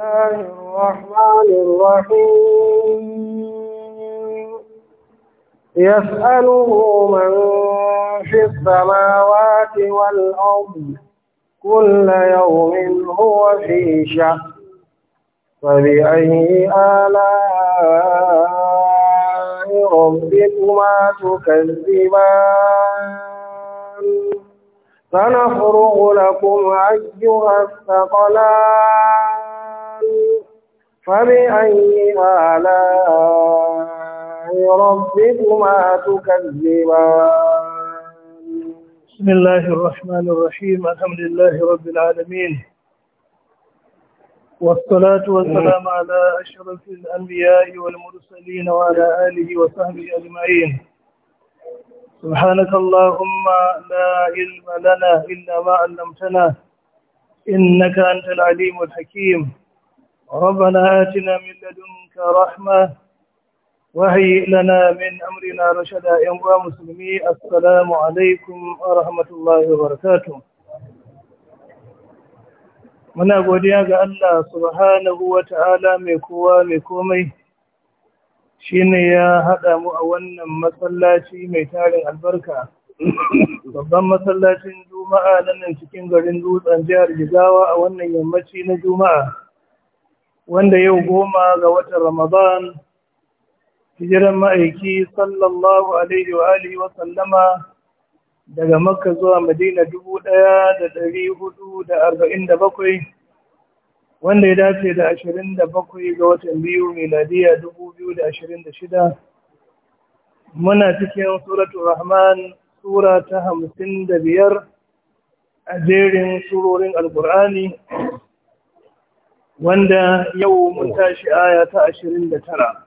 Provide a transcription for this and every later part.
الله الرحمن الرحيم يسأله من في السماوات والأرض كل يوم هو في شأن فبأي آلاء ربكما تكذبان سنفرغ لكم أيها الثقلان فبأي آلاء ربكما تكذبان بسم الله الرحمن الرحيم الحمد لله رب العالمين والصلاة والسلام على أشرف الأنبياء والمرسلين وعلى آله وصحبه أجمعين سبحانك اللهم لا علم لنا إلا ما علمتنا إنك أنت العليم الحكيم ربنا آتنا من لدنك رحمة وهيئ لنا من أمرنا رشدا يا مسلمي السلام عليكم ورحمة الله وبركاته muna godiya ga Allah subhanahu wa ta'ala mai kowa mai komai shi ne ya haɗa mu a wannan masallaci mai tarin albarka babban masallacin juma'a nan cikin garin dutsen jihar jigawa a wannan yammaci na juma'a wanda yau goma ga watan Ramadan hijiran ma'aiki sallallahu alaihi wa alihi wa sallama daga Makka zuwa Madina dubu ɗaya da ɗari hudu da arba'in da bakwai wanda ya dace da ashirin da bakwai ga watan biyu miladiya dubu biyu da ashirin da shida muna cikin suratul rahman sura ta hamsin da biyar a jerin surorin alkur'ani wanda yau mun tashi aya ta ashirin da tara.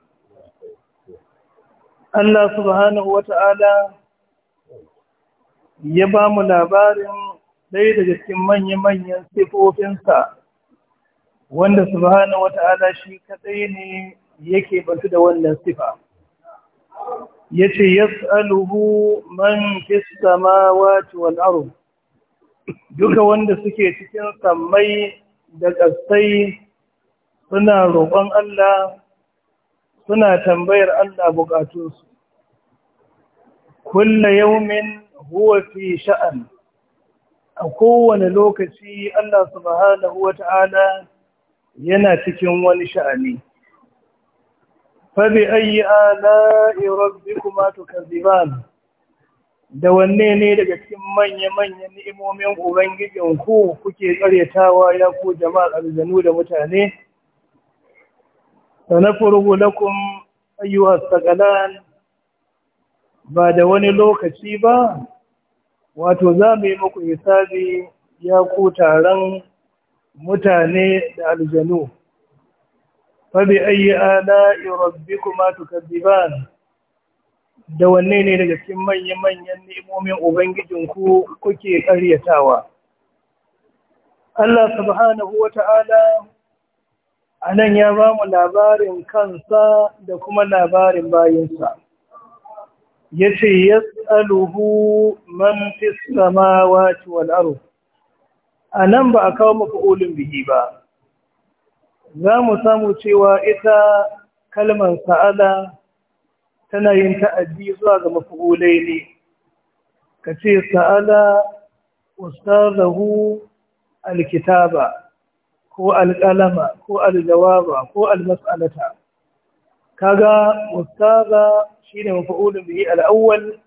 Allah subhanahu wa ya ba mu labarin ɗaya daga cikin manya-manyan sifofinsa wanda subhanahu wa shi kaɗai ne yake bantu da wannan sifa. yace ce, Yas'aluhu man fi samawati wal ardh duka wanda suke cikin sammai da ƙasai suna roƙon Allah suna tambayar Allah buƙatunsu. Kulla yaumin huwa fi sha'an, a kowane lokaci Allah subhanahu wa ta'ala yana cikin wani sha'ani. Fabi ayyi ala irabbi kuma tukaziban. da wanne ne daga cikin manya-manyan ni'imomin ubangijin ku kuke tsaretawa ya ku jama'ar aljanu da mutane sanafurhu lakum ayyuwa saqalan ba da wani lokaci ba wato za mu yi muku hisabi ya ku taron mutane da aljanu Fabi bi ayyi ala'i rabbikuma ba. da wanne ne daga cikin manya-manyan Ubangijin Ubangijinku kuke ƙaryatawa. Allah subhanahu wa ta'ala a nan ya ba mu labarin kansa da kuma labarin bayinsa. Ya ce, Yas'aluhu man fis samawati wal ardh a nan ba a kawo mafa'ulin bihi ba za mu samu cewa ita kalmar sa'ada tana yin ta'addi zuwa ga mafulai ne ka ce sa'ala ustazahu alkitaba ko alƙalama ko aljawaba ko almas'alata kaga ustaza shine mafulun bihi al-awwal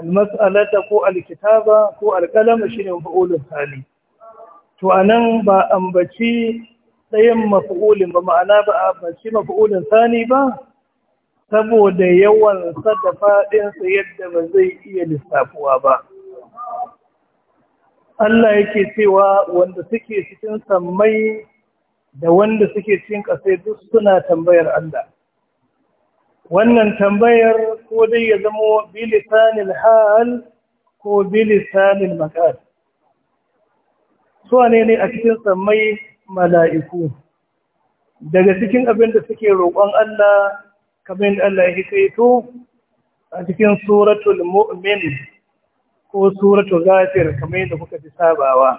almas'alata ko alkitaba ko alƙalama shine mafulun sani to anan ba ambaci ɗayan mafulin ba ma'ana ba ambaci mafulun sani ba saboda yawansa da faɗinsa yadda ba zai iya lissafuwa ba. Allah yake cewa wanda suke cikin sammai da wanda suke cikin ƙasai duk suna tambayar Allah. Wannan tambayar ko dai ya zama bilisanil hal ko bilisanil makar. Suwa ne ne a cikin sammai mala'iku. Daga cikin abin da suke roƙon Allah kamar da Allah ya kaito a cikin suratul mu'min ko suratul ghafir kamar da kuka fi sabawa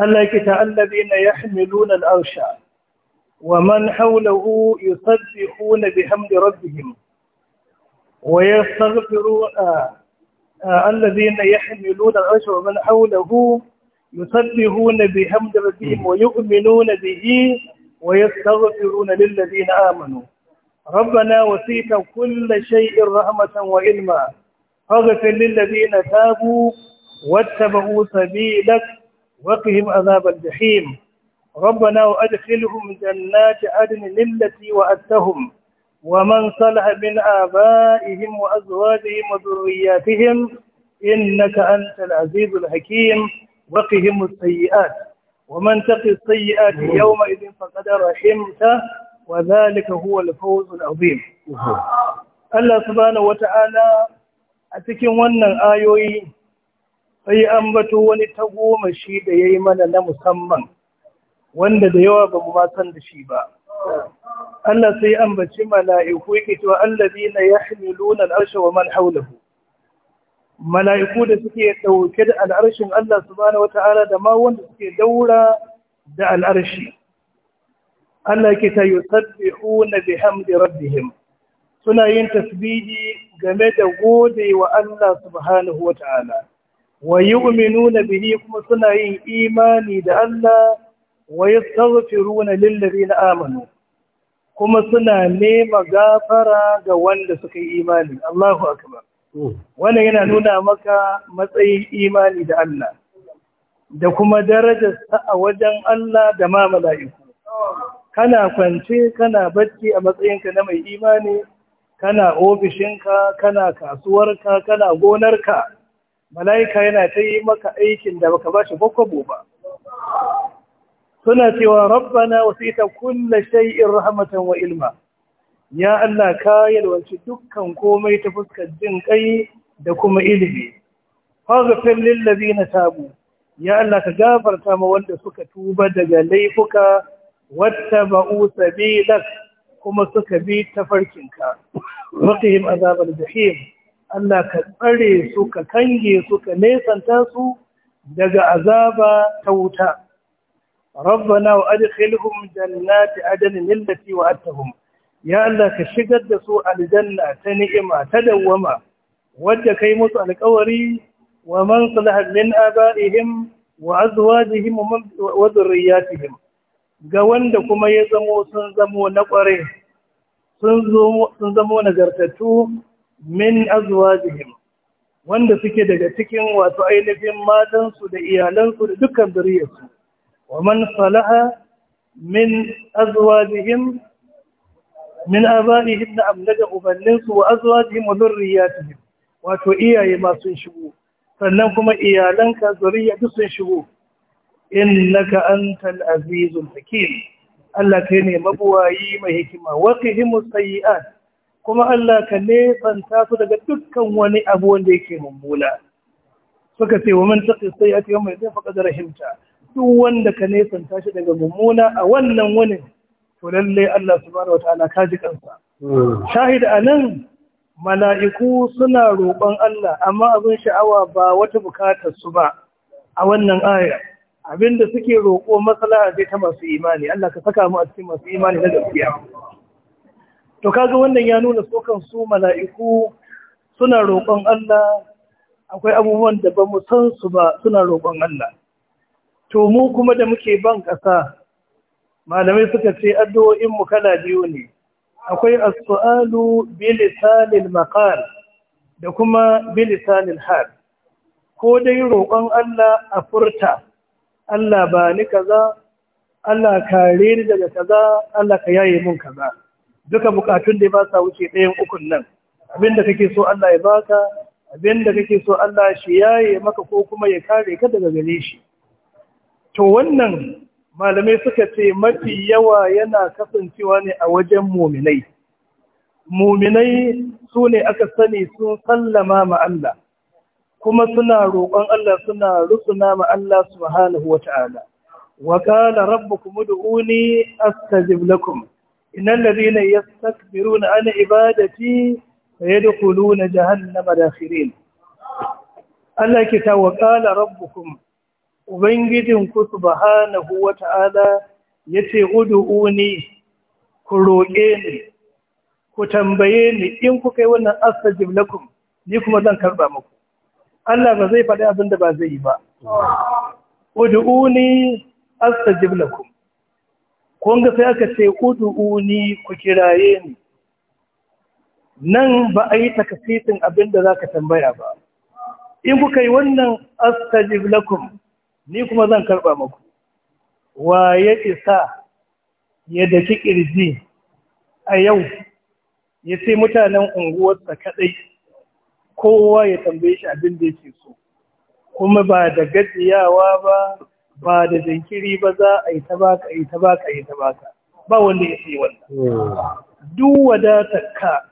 Allah yake ta ya yahmiluna al al'arsha, wa man hawlahu yusabbihuna bihamdi rabbihim wa yastaghfiruna الذين يحملون العرش ومن حوله يسبحون بحمد ربهم ويؤمنون به ويستغفرون للذين آمنوا ربنا وسيت كل شيء رحمة وعلما فاغفر للذين تابوا واتبعوا سبيلك وقهم عذاب الجحيم ربنا وأدخلهم جنات عدن التي وعدتهم ومن صلح من آبائهم وأزواجهم وذرياتهم إنك أنت العزيز الحكيم وقهم السيئات ومن تقي السيئات يومئذ فقد رحمته وذلك هو الفوز العظيم Allah subhanahu wata'ala a cikin wannan ayoyi sai an bato wani shi da yayi mana na musamman wanda da yawa ba mu san da shi ba Allah sai an baci mala'iku yake cewa allazina yahmiluna al'arsha wa man hawlahu mala'iku da suke ɗauke da al'arshin Allah subhanahu Ta'ala da ma wanda suke daura da al'arshi Allah ke ta yusabbihuna bihamdi rabbihim suna yin tasbihi game da gode wa Allah subhanahu wata'ala wa yu'minuna bihi kuma suna yin imani da Allah wa lillari na amanu kuma suna nema gafara ga wanda suka yi imani Allahu akbar wannan yana nuna maka matsayin imani da Allah da kuma sa a wajen Allah da ma mala'iku kana kwance kana bacci a matsayinka na mai imani kana ofishinka kana kasuwarka kana gonarka mala'ika yana ta yi maka aikin da baka ba shi bakwabo ba suna cewa rabbana wasita kulla shay'in rahmatan wa ilma ya Allah ka yalwaci dukkan komai ta fuskar jin kai da kuma ilimi faghfir lil ladina tabu ya Allah ka gafarta ma wanda suka tuba daga laifuka wattaba'u sabilak kuma suka bi ta tafarkinka waqihim azabal jahim Allah ka tsare su ka kange su ka nesanta su daga azaba ta wuta ربنا وأدخلهم جنات عدن التي وعدتهم ya Allah ka shigar da su aljanna ta ni'ima ta dawwama wadda kai musu alƙawari wa man salaha min aba'ihim wa azwajihim wa dhurriyyatihim ga wanda kuma ya zamo sun zamo na ƙware sun zamo nagartattu min azwajihim wanda suke daga cikin wato ainihin matansu da iyalansu da dukkan zuriyarsu wa man salaha min azwajihim min aba'ihim na amna da ubanninsu wa azwajihim wa zurriyatihim wato iyaye ma sun shigo sannan kuma iyalanka zuriya duk sun shigo innaka antal azizul hakim Allah kai ne mabuwayi mai hikima waqihimus sayi'at kuma Allah ka nesanta su daga dukkan wani abu wanda yake mummuna suka ce wa man taqi sayi'at yawma yadfa qad rahimta duk wanda ka nesanta shi daga mummuna a wannan wani to lalle Allah subhanahu wataala ka ji kansa shahid anan mala'iku suna roƙon Allah amma abin sha'awa ba wata bukatar su ba a wannan aya abinda suke roƙo maslaha ce ta masu imani Allah ka saka mu a cikin masu imani na gaskiya to kaga wannan ya nuna sokan su mala'iku suna roƙon Allah akwai abubuwan da ba mu san su ba suna roƙon Allah to mu kuma da muke ban ƙasa malamai suka ce addu'o'in mu kala biyu ne akwai as-su'alu bi lisanil maqal da kuma bi lisanil hal ko dai roƙon Allah a furta Allah ba ni kaza Allah kare ni daga kaza Allah ka yaye mun kaza duka bukatun da ba sa wuce ɗayan ukun nan abinda kake so Allah ya baka abinda kake so Allah shi yaye maka ko kuma ya kare ka daga gare shi to wannan malamai suka ce mafi yawa yana kasancewa ne a wajen muminai muminai su ne aka sani sun sallama ma Allah kuma suna roƙon Allah suna rusuna ma Allah subhanahu wata'ala wa qala rabbukum ud'uni astajib lakum ya ladhina yastakbiruna an ibadati sayadkhuluna jahannama dakhirin Allah ke ta Wakala qala kuma. Ubangijin subhanahu wa ta'ala ya ce, Udu'uni, ku roƙe ni, ku tambaye ni in kuka yi wannan asar jimlakun, ni kuma zan karɓa muku. Allah ba zai faɗi abin ba zai yi ba. Udu'uni, asar jimlakun. Kun sai aka ce, Udu'uni, ku kiraye ni. Nan ba a yi takasitin abinda da za ka tambaya ba. In kuka yi wannan asar jimlakun, ni kuma zan karɓa maku wa ya isa ya daki ƙirji a yau ya ce mutanen unguwarsa kaɗai kowa ya tambaye shi abin da yake so kuma ba da gajiyawa ba ba da jinkiri ba za a yi ta baka yi ta baka yi ta baka ba wanda ya ce wannan duk wadatar ka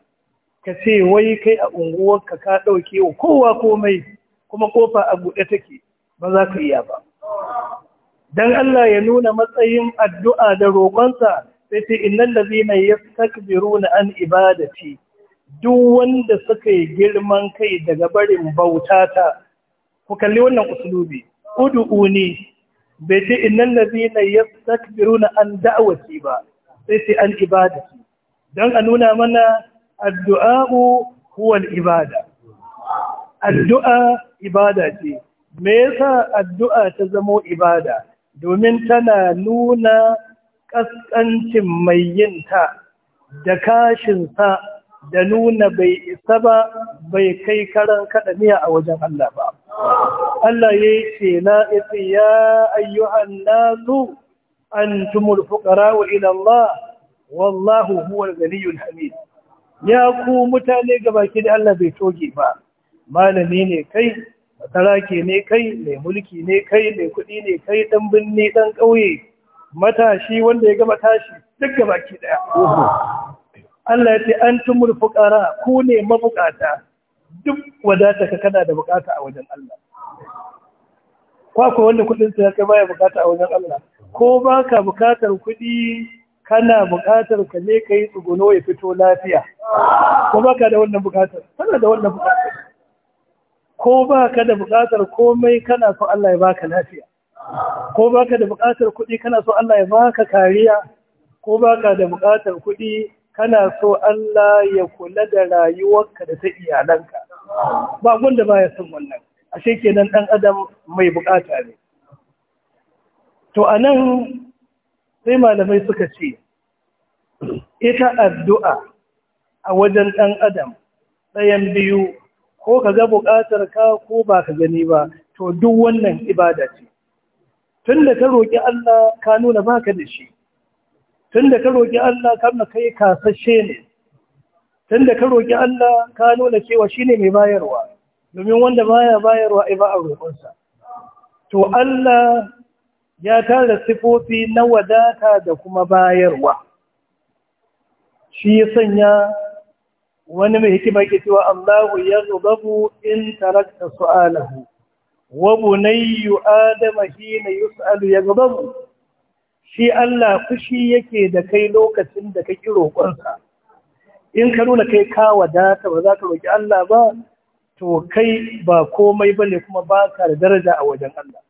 ka ce wai kai a unguwarka ka ɗauke wa kowa komai kuma kofa a buɗe take ba za ka iya ba dan Allah ya nuna matsayin addu'a da roƙonsa sai ce innal ladhina yastakbiruna an ibadati duk wanda suka yi girman kai daga barin bautata ku kalli wannan usulubi ud'uni bai ce innal ladhina yastakbiruna an da'wati ba sai ce an ibadati dan a nuna mana addu'a huwa ibada addu'a ibada ce me yasa addu'a ta zamo ibada domin tana nuna ƙasƙancin mai yin ta da kashinsa da nuna bai isa ba bai kai karan kaɗaniya a wajen Allah ba. Allah ya yi ce na isi ya ayyuhan nasu an tumul fuƙara wa ilallah wallahu huwal ganiyun hamid. Ya ku mutane gabaki da Allah bai toge ba, malami ne kai ke ne kai mai mulki ne kai mai kuɗi ne kai ɗan binne ɗan ƙauye matashi wanda ya gama tashi duk gaba ke ɗaya Allah ya ce an tumul fuƙara ku ne mabukata duk wadata ka kana da bukata a wajen Allah kwakwa wanda kuɗin sa kai baya bukata a wajen Allah ko baka bukatar kuɗi kana bukatar ka ne kai tsuguno ya fito lafiya ko baka da wannan bukatar kana da wannan bukatar ko ba ka da buƙatar komai kana so Allah ya baka lafiya ko ba ka da buƙatar kuɗi kana so Allah ya baka kariya ko ba ka da buƙatar kuɗi kana so Allah ya kula da rayuwarka da ta iyalanka ba gunda ba ya son wannan ashe kenan ɗan adam mai buƙata ne to anan sai malamai suka ce ita addu'a a wajen ɗan adam ɗayan biyu ko ka ga buƙatar ka ko ba ka gani ba to duk wannan ibada ce tunda ka roƙi Allah ka nuna baka da shi tunda ka roƙi Allah ka nuna kai kasashe ne tunda ka roƙi Allah ka nuna cewa shine mai bayarwa domin wanda baya bayarwa ai ba a sa to Allah ya tara sifofi na wadata da kuma bayarwa shi ya sanya wani mai hikima ke cewa Allahu ya zubabu in tarakta su'alahu wa bunayyu adama hina yus'alu ya zubabu shi Allah fushi yake da kai lokacin da ka ƙiro roƙonsa in ka nuna kai ka wadata ba za ka roƙi Allah ba to kai ba komai bane kuma ba ka da daraja a wajen Allah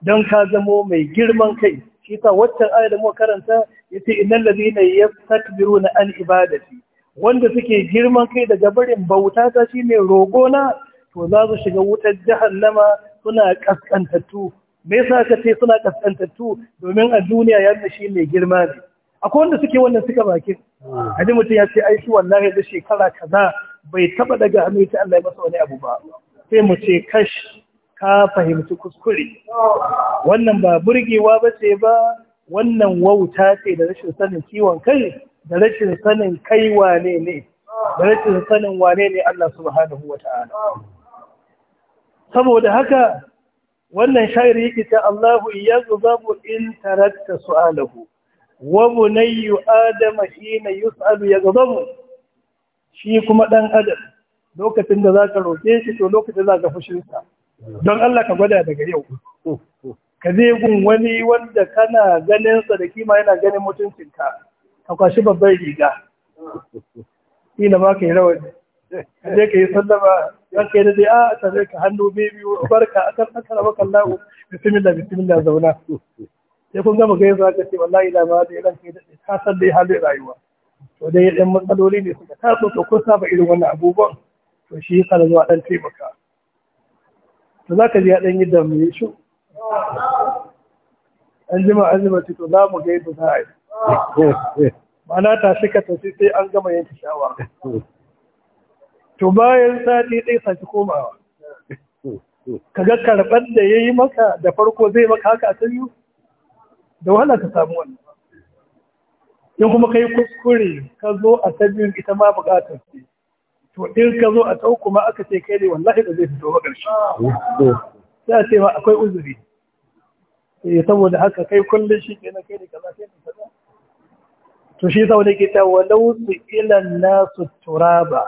don ka zamo mai girman kai shi ta waccan ayar da muka karanta yace innal ladina yastakbiruna an ibadati wanda suke girman kai daga barin bauta ta shine roƙo na to za su shiga wutar nama suna kaskantattu me yasa ka ce suna kaskantattu domin a duniya yadda shi mai girma ne akwai wanda suke wannan suka bakin hadi ah. mutum ya ce ai shi wallahi da shekara kaza bai taba daga hannu ta Allah ya masa wani abu ba sai mu ce kash ka fahimci kuskure wannan ba burgewa ba ce ba wannan wauta ce da rashin sanin kiwon kai da rashin sanin kai wane ne da rashin sanin wane ne Allah subhanahu wa ta'ala saboda haka wannan shayar yake ta Allahu zubabu in taratta su'alahu wa bunayyu adama shine yus'alu zubabu shi kuma dan adam lokacin da zaka roke shi to lokacin da zaka fushin sa don Allah ka gwada daga yau ka je gun wani wanda kana ganin sa da kima yana ganin mutuncinka a kwashi babbar riga ina ma ka yi rawar ne ka yi sallama ya ka yi da dai ah, a ta zai ka hannu biyu-biyu. barka a kan akara maka lahu bismillah bismillah zauna sai kun gama gaisa ka ce wallahi da ma da ran kai da Ka san dai halin rayuwa to dai ɗan matsaloli ne suka taso to kun saba irin wannan abubuwan to shi yasa da zuwa ɗan taimaka to za ka ji ya ɗan yi da mai shu an jima an jima to za mu gaisa za a yi mana ta shi ka tafi sai an gama yanke shawara to bayan sati ɗaya sake komawa Ka ga karɓar da ya yi maka da farko zai maka haka a sanyu da wahala ka samu wannan in kuma ka yi kuskure ka zo a sanyin ita ma buƙatar ce to in ka zo a tau kuma aka ce kai ne wallahi da zai fito ba sai a ce ma akwai uzuri eh, saboda haka kai kullum shi kenan kai ne kaza sai ka to shi sau da ke ta walau su ilan nasu turaba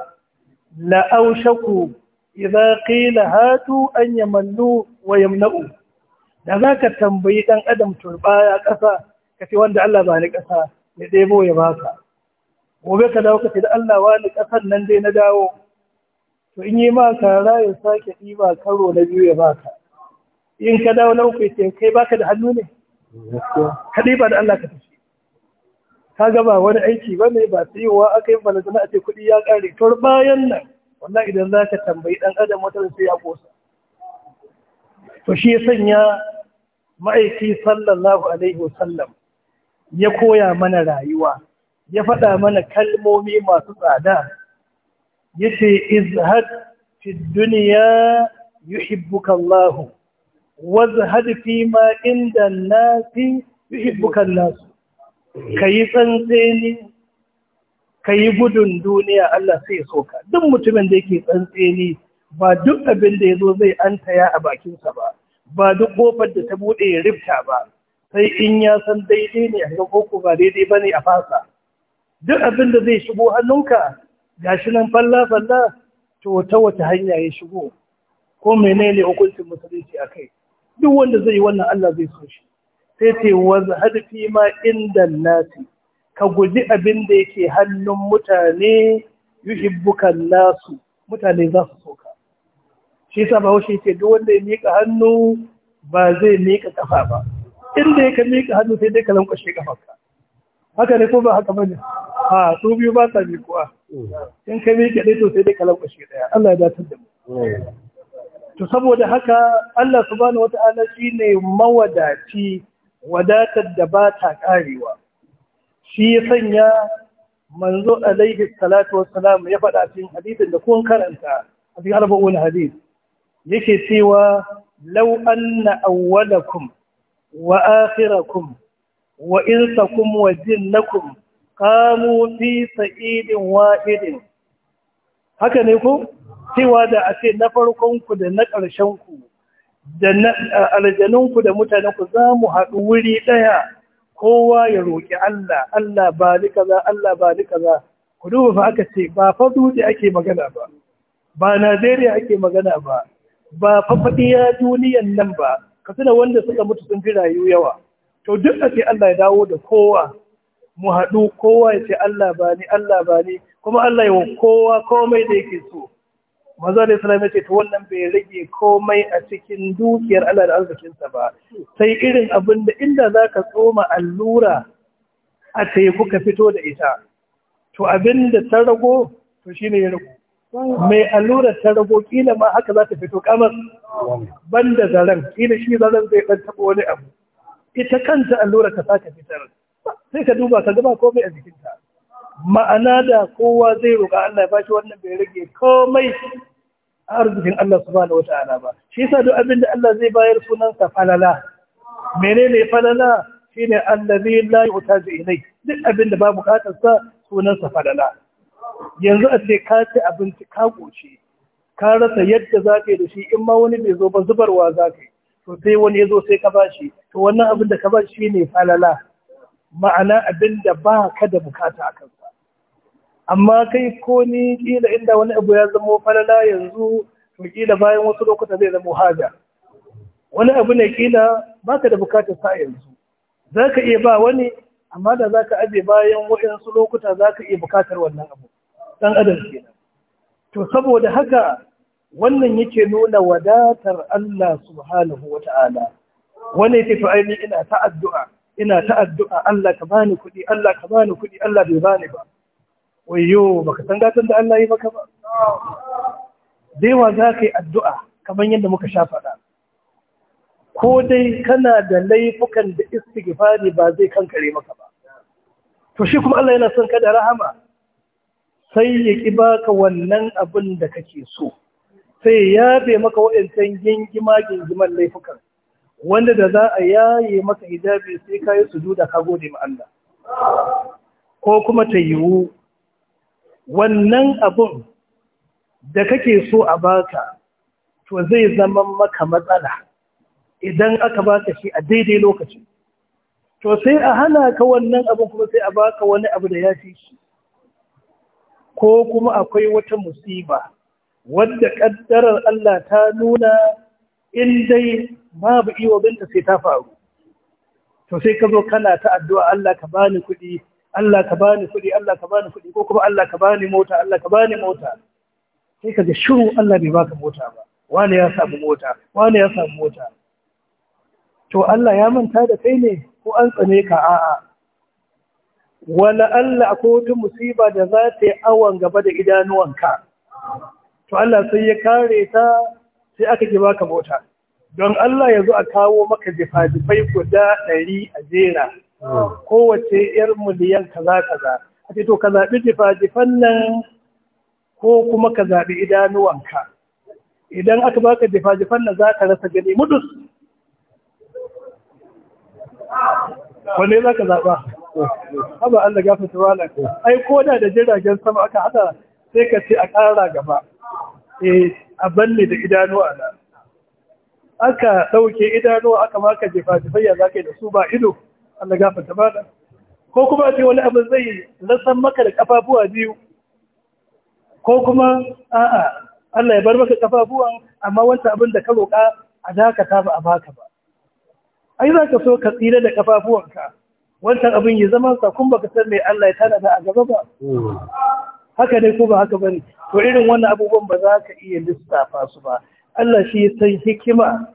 la'aushaku idza qila hatu an yamallu wa yamna'u da zaka tambayi dan adam turbaya kasa kace wanda Allah ba ni kasa ya debo ya baka gobe ka dawo kace da Allah ni kasan nan dai na dawo to in yi ma kara ya sake diba karo na biyu ya baka in ka dawo na uku ce kai baka da hannu ne ka diba da Allah ka tafi ka gaba wani aiki ba ne ba sai wa aka yi balantana a ce kuɗi ya ƙare to bayan nan wannan idan za ka tambayi ɗan adam wata sai ya ƙosa to shi ya sanya ma'aiki sallallahu alaihi wasallam ya koya mana rayuwa ya faɗa mana kalmomi masu tsada ya ce izhad fi duniya yuhibbuka Allahu wazhad fi ma inda nasi yuhibbuka nasu ka yi tsantseni ka yi gudun duniya Allah sai so ka duk mutumin da yake tsantseni ba duk abin da ya zo zai an taya a bakinsa ba ba duk kofar da ta buɗe ya rifta ba sai in ya san daidai ne a koko ba daidai ba ne a fasa duk abin da zai shigo hannunka gashi nan falla-falla to ta wata hanya ya shigo ko menene hukuncin musulunci a kai duk wanda zai yi wannan Allah zai so shi sai ce wazhad fi ma inda nasi ka guji abin da yake hannun mutane yi yuhibbuka nasu mutane za su soka shi yasa ba washe ce duk wanda ya mika hannu ba zai mika kafa ba inda ya ka mika hannu sai dai ka lankwashe ƙafa haka ne ko ba haka bane a su biyu ba sa mikuwa in ka miƙa dai to sai dai ka lankwashe ɗaya Allah ya datar da mu to saboda haka Allah subhanahu wata'ala ne mawadaci wadatar da ba ta ƙarewa shi ya sanya manzo alaihi salatu wassalam ya faɗa cikin hadisin da kun karanta a cikin arba'un hadis yake cewa law anna awwalakum wa akhirakum wa insakum wa jinnakum qamu fi sa'idin wahidin haka ne ku? cewa da a na farkon ku da na ƙarshen ku da aljanunku da mutanenku za mu haɗu wuri ɗaya kowa ya roƙi Allah Allah ba ni kaza Allah ba ni kaza ku duba fa aka ce ba fa dutse ake magana ba ba Najeriya ake magana ba ba fa ya duniyan nan ba ka tuna wanda suka mutu sun fi rayu yawa to duk da ce Allah ya dawo da kowa mu haɗu kowa ya ce Allah ba ni Allah ba ni kuma Allah ya wa kowa komai da yake so manzo da islam ce to wannan bai rage komai a cikin dukiyar Allah da arzikinsa ba sai irin abin da inda za ka tsoma allura a teku ka fito da ita to abin da ta rago to shi ya rago mai allura ta rago kila ma haka za ta fito kamar banda zaren kila shi zaren zai ɗan taɓa wani abu ita kanta allura ta saka fitar sai ka duba ka gaba komai a jikinta ma'ana da kowa zai roƙa Allah ya bashi wannan bai rage komai arzikin Allah subhanahu wata'ala ba shi yasa duk abin da Allah zai bayar sunansa falala menene falala shine allazi la yu'taju ilai duk abin da ba bukatar sa sunansa falala yanzu a ce ka ci abinci ka goce ka rasa yadda za da shi in ma wani bai zo ba zubarwa za ka to sai wani ya zo sai ka bashi to wannan abin da ka bashi shine falala ma'ana abin da ba ka da bukata a kan amma kai ko ni kila inda wani abu ya zama falala yanzu to kila bayan wasu lokuta zai zama haja wani abu ne kila baka da bukatar sa yanzu zaka iya ba wani amma da zaka aje bayan waɗansu lokuta zaka iya bukatar wannan abu dan adam ke to saboda haka wannan yake nuna wadatar Allah subhanahu wata'ala wani yake to ina ta addu'a ina ta addu'a Allah ka bani kuɗi Allah ka bani kuɗi Allah bai bani ba wayo baka san gatan da Allah yi maka ba wa za ka yi addu'a kamar yadda muka sha faɗa ko dai kana da laifukan da istighfari ba zai kankare maka ba to shi kuma Allah yana son ka da rahama sai ya ki baka wannan abin da kake so sai ya maka waɗancan gingima gingiman laifukan wanda da za a yaye maka hijabi sai ka yi su juda ka gode ma Allah ko kuma ta yiwu wannan abun da kake so a baka to zai zama maka matsala idan aka baka shi a daidai lokaci to sai a hana ka wannan abun kuma sai a baka wani abu da ya fi shi ko kuma akwai wata musiba wadda ƙaddarar Allah ta nuna in dai babu iyo binta sai ta faru to sai ka zo kana ta addu'a Allah ka bani kuɗi Allah ka bani kuɗi Allah ka bani kuɗi ko kuma Allah ka bani mota Allah ka bani mota sai kaje shiru Allah bai baka mota ba Wani ya samu mota wani ya samu mota to Allah ya manta da kai ne ko an tsane ka a'a wala Allah akwai wata musiba da za ta yi awon gaba da idanuwanka to Allah sai ya kare ta sai aka ji baka mota don Allah ya zo a kawo maka jifa-jifai guda ɗari a jera kowace yar miliyan kaza kaza a ce to ka zaɓi jifa-jifan nan ko kuma ka zaɓi idanuwanka idan aka baka jifa-jifan nan za ka rasa gani mudus wane za ka zaɓa haɓa Allah gafi tuwala ai ko da da jiragen sama aka haɗa sai ka ce a ƙara gaba eh, a banne da idanuwa na aka ɗauke idanuwa aka maka jifa-jifayya za ka yi da su ba ido Allah gafarta bada ko kuma a ce wani abin zai lasan maka da kafafuwa biyu ko kuma a'a Allah ya bar maka kafafuwan amma wancan abin da ka roƙa a dakata ba a baka ba ai za ka so ka tsira da kafafuwanka wancan abin ya zama sakun baka san mai Allah ya tanada a gaba ba haka ne ko ba haka bane to irin wannan abubuwan ba za ka iya lissafa su ba Allah shi ya san hikima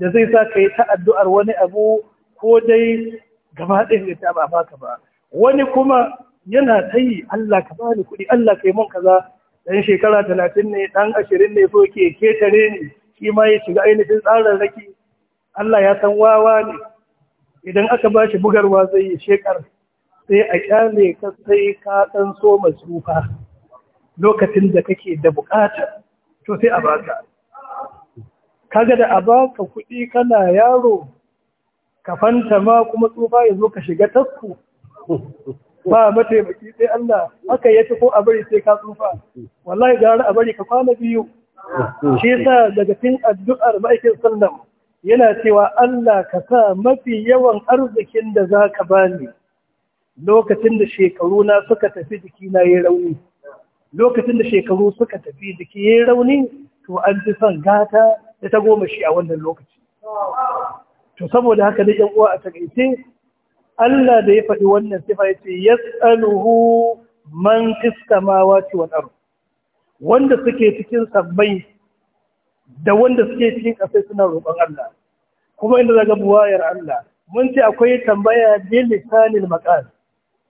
da zai sa ka yi ta addu'ar wani abu ko dai gaba ɗaya ta ba baka ba wani kuma yana ta yi Allah ka bani kuɗi Allah ka yi mun kaza dan shekara talatin ne dan ashirin ne so ke ketare ne shi ma ya shiga ainihin tsarin raki Allah ya san wawa ne idan aka ba shi bugarwa zai yi shekar sai a kyale ka sai ka ɗan so masufa lokacin da kake da bukata to sai a baka kaga da a baka kuɗi kana yaro Kafanta ma kuma tsufa ya zo ka shiga tasku ba mataimaki sai Allah haka ya ci ko a bari sai ka tsufa wallahi gara a bari ka kwana biyu shi sa daga cikin addu'ar ma'aikin sallam yana cewa Allah ka sa mafi yawan arzikin da za ka bani lokacin da shekaru na suka tafi jiki na yi rauni lokacin da shekaru suka tafi jiki yi rauni to an fi son gata da ta goma shi a wannan lokaci to saboda haka da uwa a takaice Allah da ya faɗi wannan sifa ya ce tsanuhu man iska mawa ciwon ard wanda suke cikin sabbai da wanda suke cikin ƙasai suna roƙon Allah kuma inda zaga buwayar Allah mun ce akwai tambaya da lissanin maqal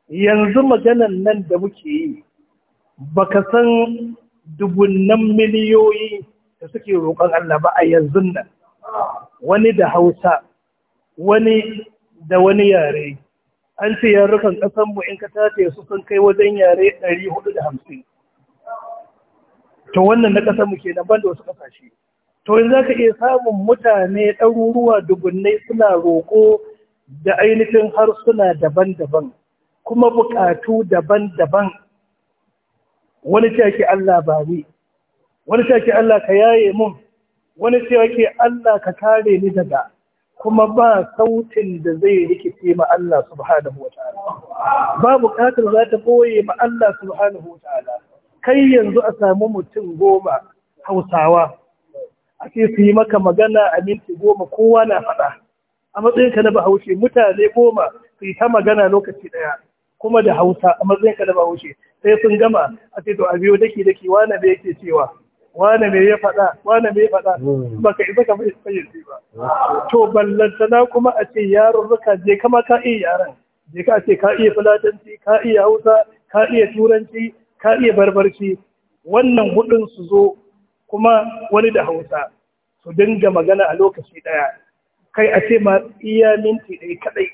yanzu maganan nan da muke yi ba ka san dubunnan miliyoyi da suke roƙon Allah ba a yanzu nan wani da Hausa wani da wani yare an ce yarukan mu in ka tace su sun kai wajen yare 450 to wannan na ƙasanmu ke kenan banda wasu ƙasashe to yanzu za ka iya samun mutane ɗaruruwa dubunnai suna roƙo da ainihin harsuna daban-daban kuma buƙatu daban-daban wani ce ake Allah ba ni wani ce ake Allah ka yaye mun wani ce ake Allah ka kare ni daga kuma ba sautin da zai rikice ma Allah subhanahu wa ba bukatar za ta boye ma Allah subhanahu wa ta'ala kai yanzu a samu mutum goma hausawa a ce su yi maka magana a minti goma kowa na faɗa a matsayin ka na bahaushe mutane goma su yi ta magana lokaci ɗaya kuma da hausa a matsayin matsayinka na bahaushe sai sun gama a ce to a biyo daki daki wane da yake cewa wane me ya faɗa wane me ya faɗa hmm. baka isa ka fayyace ba to na kuma a ce yaron ruka je kama ka iya yaran je ka ce ka iya fulatanci ka iya hausa ka iya turanci ka iya barbarci wannan hudun su zo kuma wani da hausa su dinga magana a lokaci daya kai a ce ma iya minti ɗaya kaɗai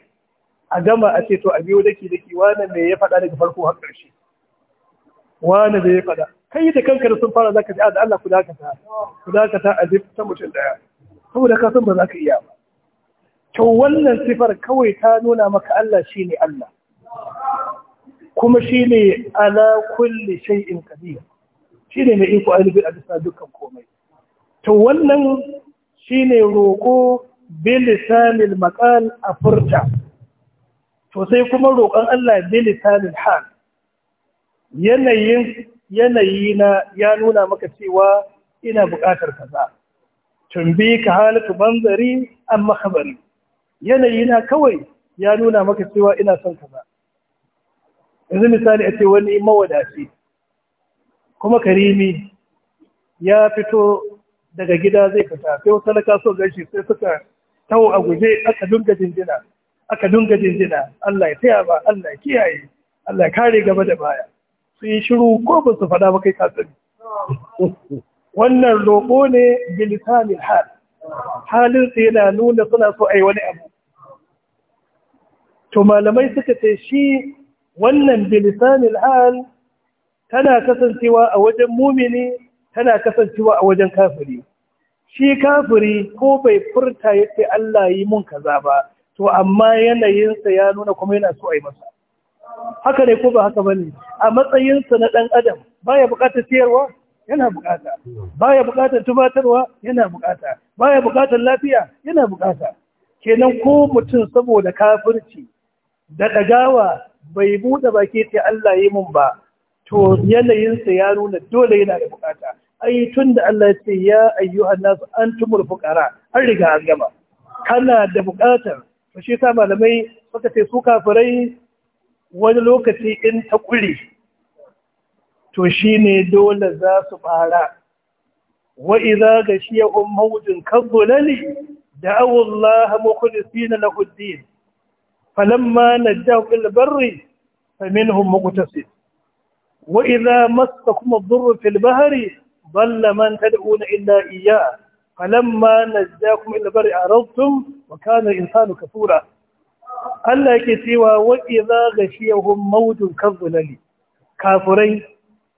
a gama a ce to a biyo daki daki wane me ya faɗa daga farko har ƙarshe wane me ya faɗa kai da kanka da sun fara zaka ji ah, da Allah ku dakata a duk ta mutum daya saboda ka san ba za ka iya ba to wannan sifar kawai ta nuna maka Allah ne Allah kuma shine ala kulli shay'in shi ne mai iko ainihin a bisa dukkan komai to wannan shine roko bilisanil maqal a furta to sai kuma roƙon Allah bilisanil hal yanayin yanayi na ya nuna maka cewa ina buƙatar kaza tumbi ka halatu banzari an mahabari yanayi na kawai ya nuna maka cewa ina son kaza yanzu misali a ce wani mawadaci kuma karimi ya fito daga gida zai fita sai wata laka so gashi sai suka tawo a guje aka dunga jinjina aka dunga jinjina Allah ya taya ba Allah ya kiyaye Allah ya kare gaba da baya su yi shiru ko ba su faɗa ba kai kasari wannan roƙo ne bilisanin hal halin su yana nuna suna so a yi wani abu to malamai suka ce shi wannan bilisanin hal tana kasancewa a wajen mumini tana kasancewa a wajen kafiri shi kafiri ko bai furta ya ce Allah yi mun kaza ba to amma yanayinsa ya nuna kuma yana so a yi masa haka ne ko ba haka ba ne? a matsayinsa na ɗan adam baya bukatar sayarwa? yana buƙata baya buƙatar tubatarwa yana buƙata baya bukatar lafiya yana bukata kenan ko mutum saboda kafirci da ɗagawa bai buɗe baki ce Allah yi mun ba to yanayinsa ya nuna dole yana da bukata ai tun da Allah ce ya ayyuha nasu antumul fuqara an riga an gama kana da bukatar shi sa malamai suka ce su kafirai wani lokaci in ta ƙure to shi ne dole za su ɓara wa'iza ga shi ya ummawujin ne da awon laha makulisi na lahuddin falamma na jafil barri famin hun makutasi wa'iza masta kuma zurru fil bahari balla man tad'una illa iya falamma na jafil barri a rautun wa insanu kafura Allah yake cewa wa idza ghashiyahum mautun kadhulali kafirai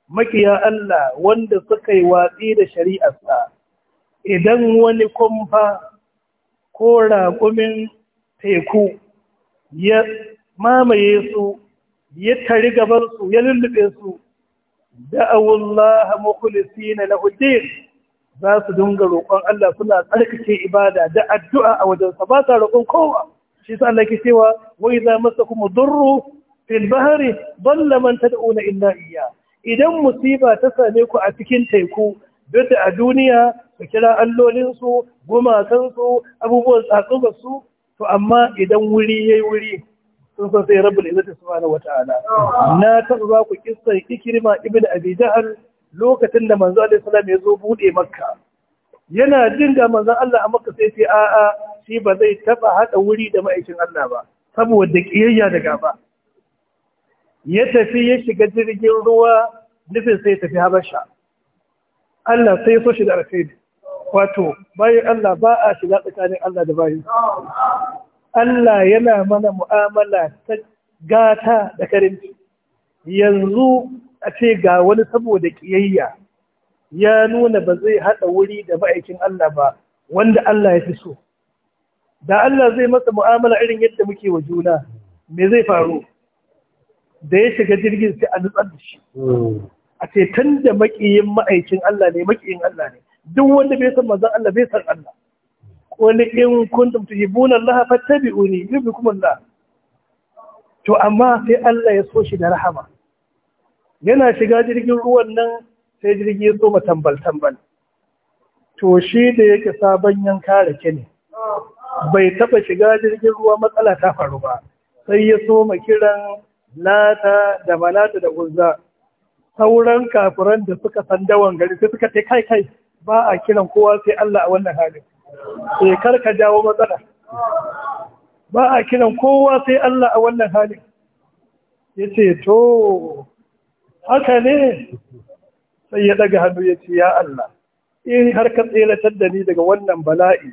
makiya Allah wanda suka yi watsi da shari'arsa idan wani kumfa ko raƙumin teku ya mamaye su ya tari gaban su ya lullube su da'awullaha mukhlisina na din za su dinga roƙon Allah suna tsarkake ibada da addu'a a wajensa ba ta roƙon kowa shi sa Allah ke cewa wa idza kuma durru fil bahri dalla man tad'una illa iyya idan musiba ta same ku a cikin teku duk da a duniya su kira allolinsu gumakansu abubuwan tsatsubarsu to amma idan wuri ya yi wuri sun san sai rabbul izzati subhanahu wata'ala na taɓa ba ku kissar ikirma ibn abi jahal lokacin da manzo alaihi salam ya zo buɗe makka yana jin da manzan Allah a maka sai ce a'a shi ba zai taba hada wuri da ma'aikin Allah ba saboda kiyayya da gaba ya tafi ya shiga jirgin ruwa nufin sai tafi Habasha Allah sai so shi da alkhairi wato bayan Allah ba a shiga tsakanin Allah da bayan Allah yana mana mu'amala ta gata da karinci yanzu a ce ga wani saboda kiyayya ya nuna ba zai haɗa wuri da ma'aikin Allah ba wanda Allah ya fi so. Da Allah zai masa mu'amala irin yadda muke wa juna, me zai faru? Da ya shiga jirgin sai a nutsar da shi. A ce tun da maƙiyin ma'aikin Allah ne, maƙiyin Allah ne. Duk wanda bai san manzon Allah bai san Allah. Wani in kuntum tuhibbuna Allah fattabi'uni kuma Allah. To amma sai Allah ya so shi da rahama. Yana shiga jirgin ruwan nan sai jirgi ya soma tambal-tambal to shi da yake sabon yanka rake ne bai taba shiga jirgin ruwa matsala ta faru ba sai ya soma kiran lata da malata da uzza sauran kafuran da suka san dawan gari sai suka ce kai kai ba a kiran kowa sai Allah a wannan halin sai eh, karka jawo matsala ba a kiran kowa sai Allah a wannan halin ce to haka ne sai ya ɗaga hannu ya ce ya Allah in har ka tseratar da ni daga wannan bala'i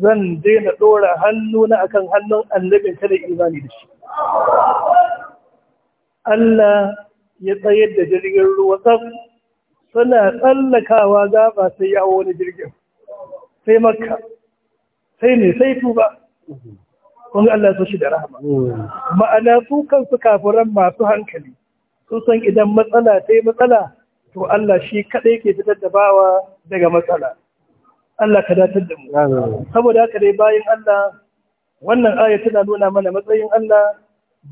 zan daina ɗora hannu na akan hannun annabin kada imani da shi Allah ya tsayar da jirgin ruwa tsaf suna tsallakawa gaba sai ya wani jirgin sai makka sai ne sai tuba kun Allah so shi da rahama mm. ma'ana su kansu kafuran masu hankali sun san idan matsala ta matsala to Allah shi kaɗai ke fitar da bawa daga matsala Allah ka datar da mu saboda haka dai bayan Allah wannan ayat tana nuna mana matsayin Allah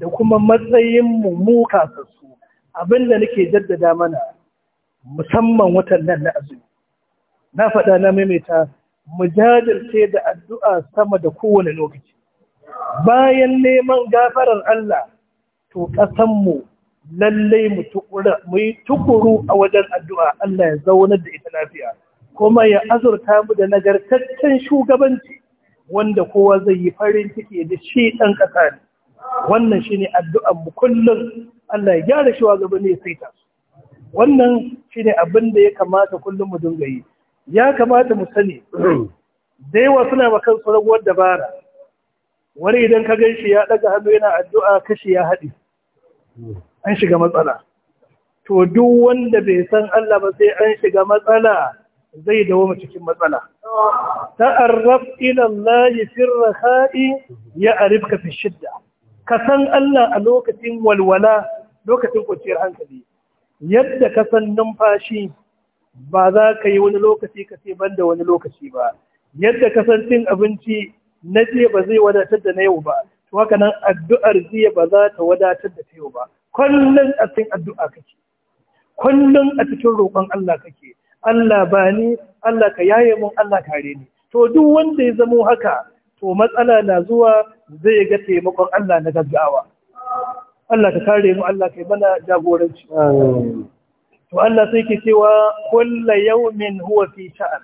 da kuma matsayin mu mu kasassu da nake jaddada mana musamman watan nan na azumi na faɗa na maimaita mu jajirce da addu'a sama da kowane lokaci bayan neman gafarar Allah to ƙasanmu lallai mu yi tukuru a wajen addu'a Allah ya zaunar da ita lafiya, kuma ya azurta mu da nagartaccen shugabanci wanda kowa zai yi farin ciki da shi ɗan ƙasa ne. Wannan shi ne addu'an mu kullum Allah ya gyara shi wa ne sai ta Wannan shi ne abin da ya kamata kullum mu dinga yi. Ya kamata mu sani, da yawa suna ma kansu raguwar dabara. Wani idan ka ganshi ya ɗaga hannu yana addu'a kashi ya haɗe. an shiga matsala to duk wanda bai san Allah ba sai an shiga matsala zai dawo cikin matsala ta'arraf ila firra fi ya ya'rifka fi shidda ka san Allah a lokacin walwala lokacin kwanciyar hankali yadda ka san numfashi ba za ka yi wani lokaci ka ce banda wani lokaci ba yadda ka san cin abinci na jiya ba zai wadatar da na yau ba to haka nan addu'ar jiya ba za ta wadatar da ta yau ba kullum a cikin addu'a kake kullum a cikin roƙon Allah kake Allah ba ni Allah ka yaye mun Allah kare ni to duk wanda ya zamo haka to matsala na zuwa zai ga taimakon Allah na gaggawa Allah ka kare mu Allah kai mana jagoranci to Allah sai ke cewa kullu yawmin huwa fi sha'an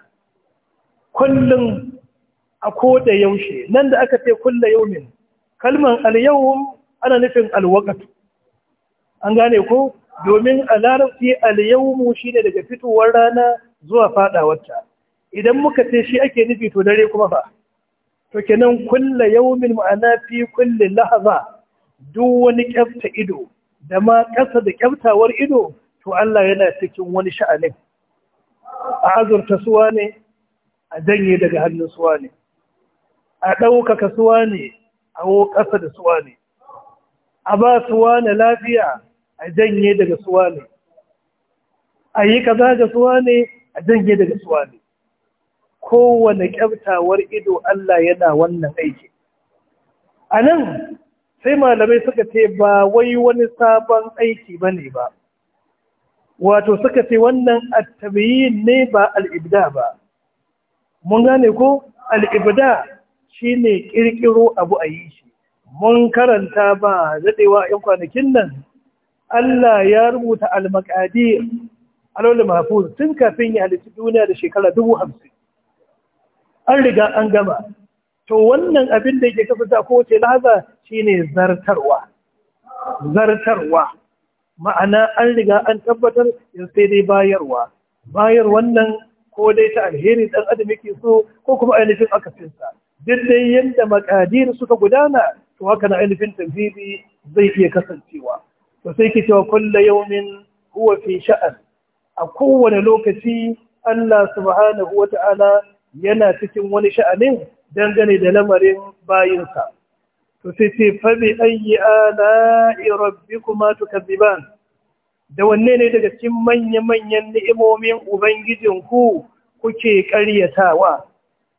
kullum a koda yaushe nan da aka ce kullu yawmin kalman al-yawm ana nufin al an gane ko domin a larabci alyawmu ne daga fitowar rana zuwa fadawarta idan muka ce shi ake nufi to dare kuma fa to kenan kullu yawmin ma'ana fi kulli lahaza duk wani kyafta ido da ma ƙasa da kyaftawar ido to Allah yana cikin wani sha'ani. a azurta suwa ne a janye daga hannun suwa ne a ɗaukaka suwa ne a wo ƙasa da suwa ne a ba suwa na lafiya a janye daga suwa ne a yi kaza ga suwa ne a janye daga suwa ne kowane kyautawar ido Allah yana wannan aiki a nan sai malamai suka ce ba wai wani sabon aiki ba ne ba wato suka ce wannan attabiyin ne ba al'ibda ba mun gane ko al'ibda shi ne ƙirƙiro abu a yi shi mun karanta ba zaɗewa ‘yan kwanakin nan Allah ya rubuta al-maqadir alawli tun kafin ya halitta duniya da shekara 50 an riga an gama to wannan abin da yake kasance ko wace lahaza shine zartarwa zartarwa ma'ana an riga an tabbatar in sai dai bayarwa bayar wannan ko dai ta alheri dan adam yake so ko kuma ainihin akasin sa duk dai yanda makadir suka gudana to haka na ainihin tanzibi zai iya kasancewa to sai ki cewa kulla yaumin huwa fi sha'an a kowane lokaci Allah subhanahu wa ta'ala yana cikin wani sha'anin dangane da lamarin bayinsa. To sai ce fabi ayi ala irabbi kuma tukaziban da wanne ne daga cikin manya-manyan ni'imomin Ubangijinku kuke ƙaryatawa.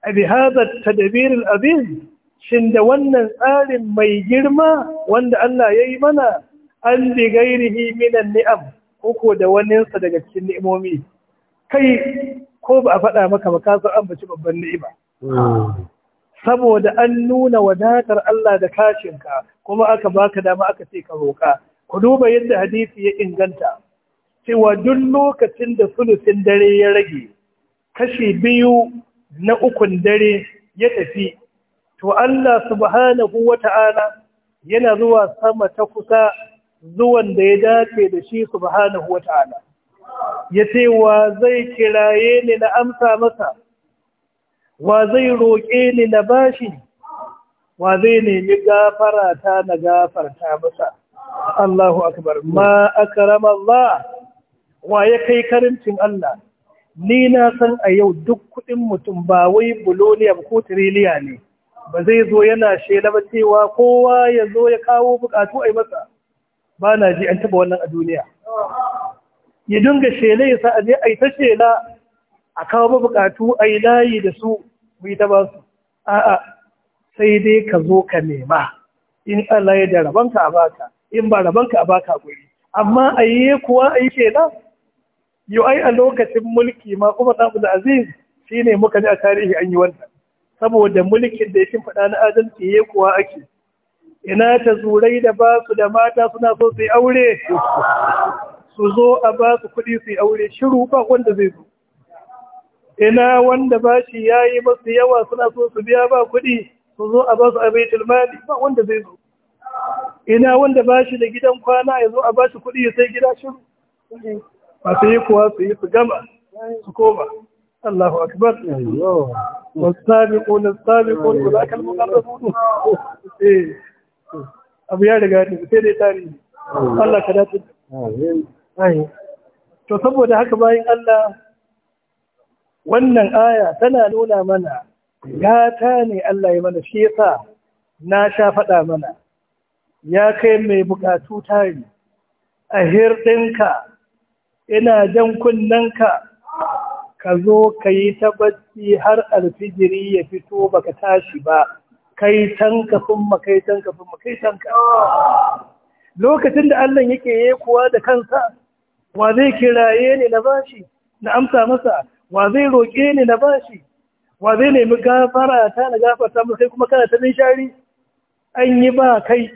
Abi hazar tadabirin abin, shin da wannan tsarin mai girma wanda Allah ya yi mana an bi gairihi minan ni'am uku da waninsa daga cikin ni'imomi kai ko ba a faɗa maka ba ka an baci babban ni'ima saboda an nuna wadatar Allah da kashinka kuma aka baka dama aka ce ka roƙa ku duba yadda hadisi ya inganta cewa duk lokacin da sulusin dare ya rage kashi biyu na ukun dare ya tafi to Allah subhanahu wata'ala yana zuwa sama ta kusa zuwan da ya dace da shi subhanahu wa ta'ala ya ce wa zai kiraye ni na amsa masa wa zai roƙe ni na bashi wa zai nemi gafara ta na gafarta masa Allahu akbar ma akrama Allah wa ya kai karimcin Allah ni na san a yau duk kuɗin mutum ba wai buloniya ko tiriliya ne ba zai zo yana shela ba cewa kowa ya zo ya kawo bukatu a yi masa ba na ji an taba wannan a duniya ya dinga shela ya sa a je a yi ta shela a kawo bukatu a yi layi da su mu yi ta ba su a'a sai dai ka zo ka nema in Allah ya da rabanka a baka in ba rabanka a baka guri amma a yi kuwa a yi shela yi ai a lokacin mulki ma kuma ɗan da aziz shi ne muka ji a tarihi an yi wannan saboda mulkin da ya shi faɗa na adalci ya kuwa ake ina ta zurai da ba su da mata suna so su yi aure su zo a ba su kuɗi su yi aure shiru ba wanda zai zo ina wanda ba shi ya yi masu yawa suna so su biya ba kuɗi su zo a ba su abai mali ba wanda zai zo ina wanda ba shi da gidan kwana ya zo a ba shi kuɗi ya sai gida shiru su yi kuwa su yi su gama su koma Allahu akbar wasu sabiqun sabiqun ulaka al-muqarrabun eh abu ya riga ne sai dai tari. Allah ka dace to saboda haka bayan Allah wannan aya tana nuna mana ta ne Allah ya mana shi yasa na sha faɗa mana ya kai mai bukatu tari a hirɗinka ina jan kunnanka ka zo ka yi ta har alfijiri ya fito baka tashi ba kai tanka, kaitanka kai tanka. lokacin da Allah yake yekuwa da kansa wa zai kiraye ni na bashi na amsa masa wa zai roƙe ni na bashi wa zai nemi gafara ta na gafarta mu kuma kana ta bin shari an yi ba kai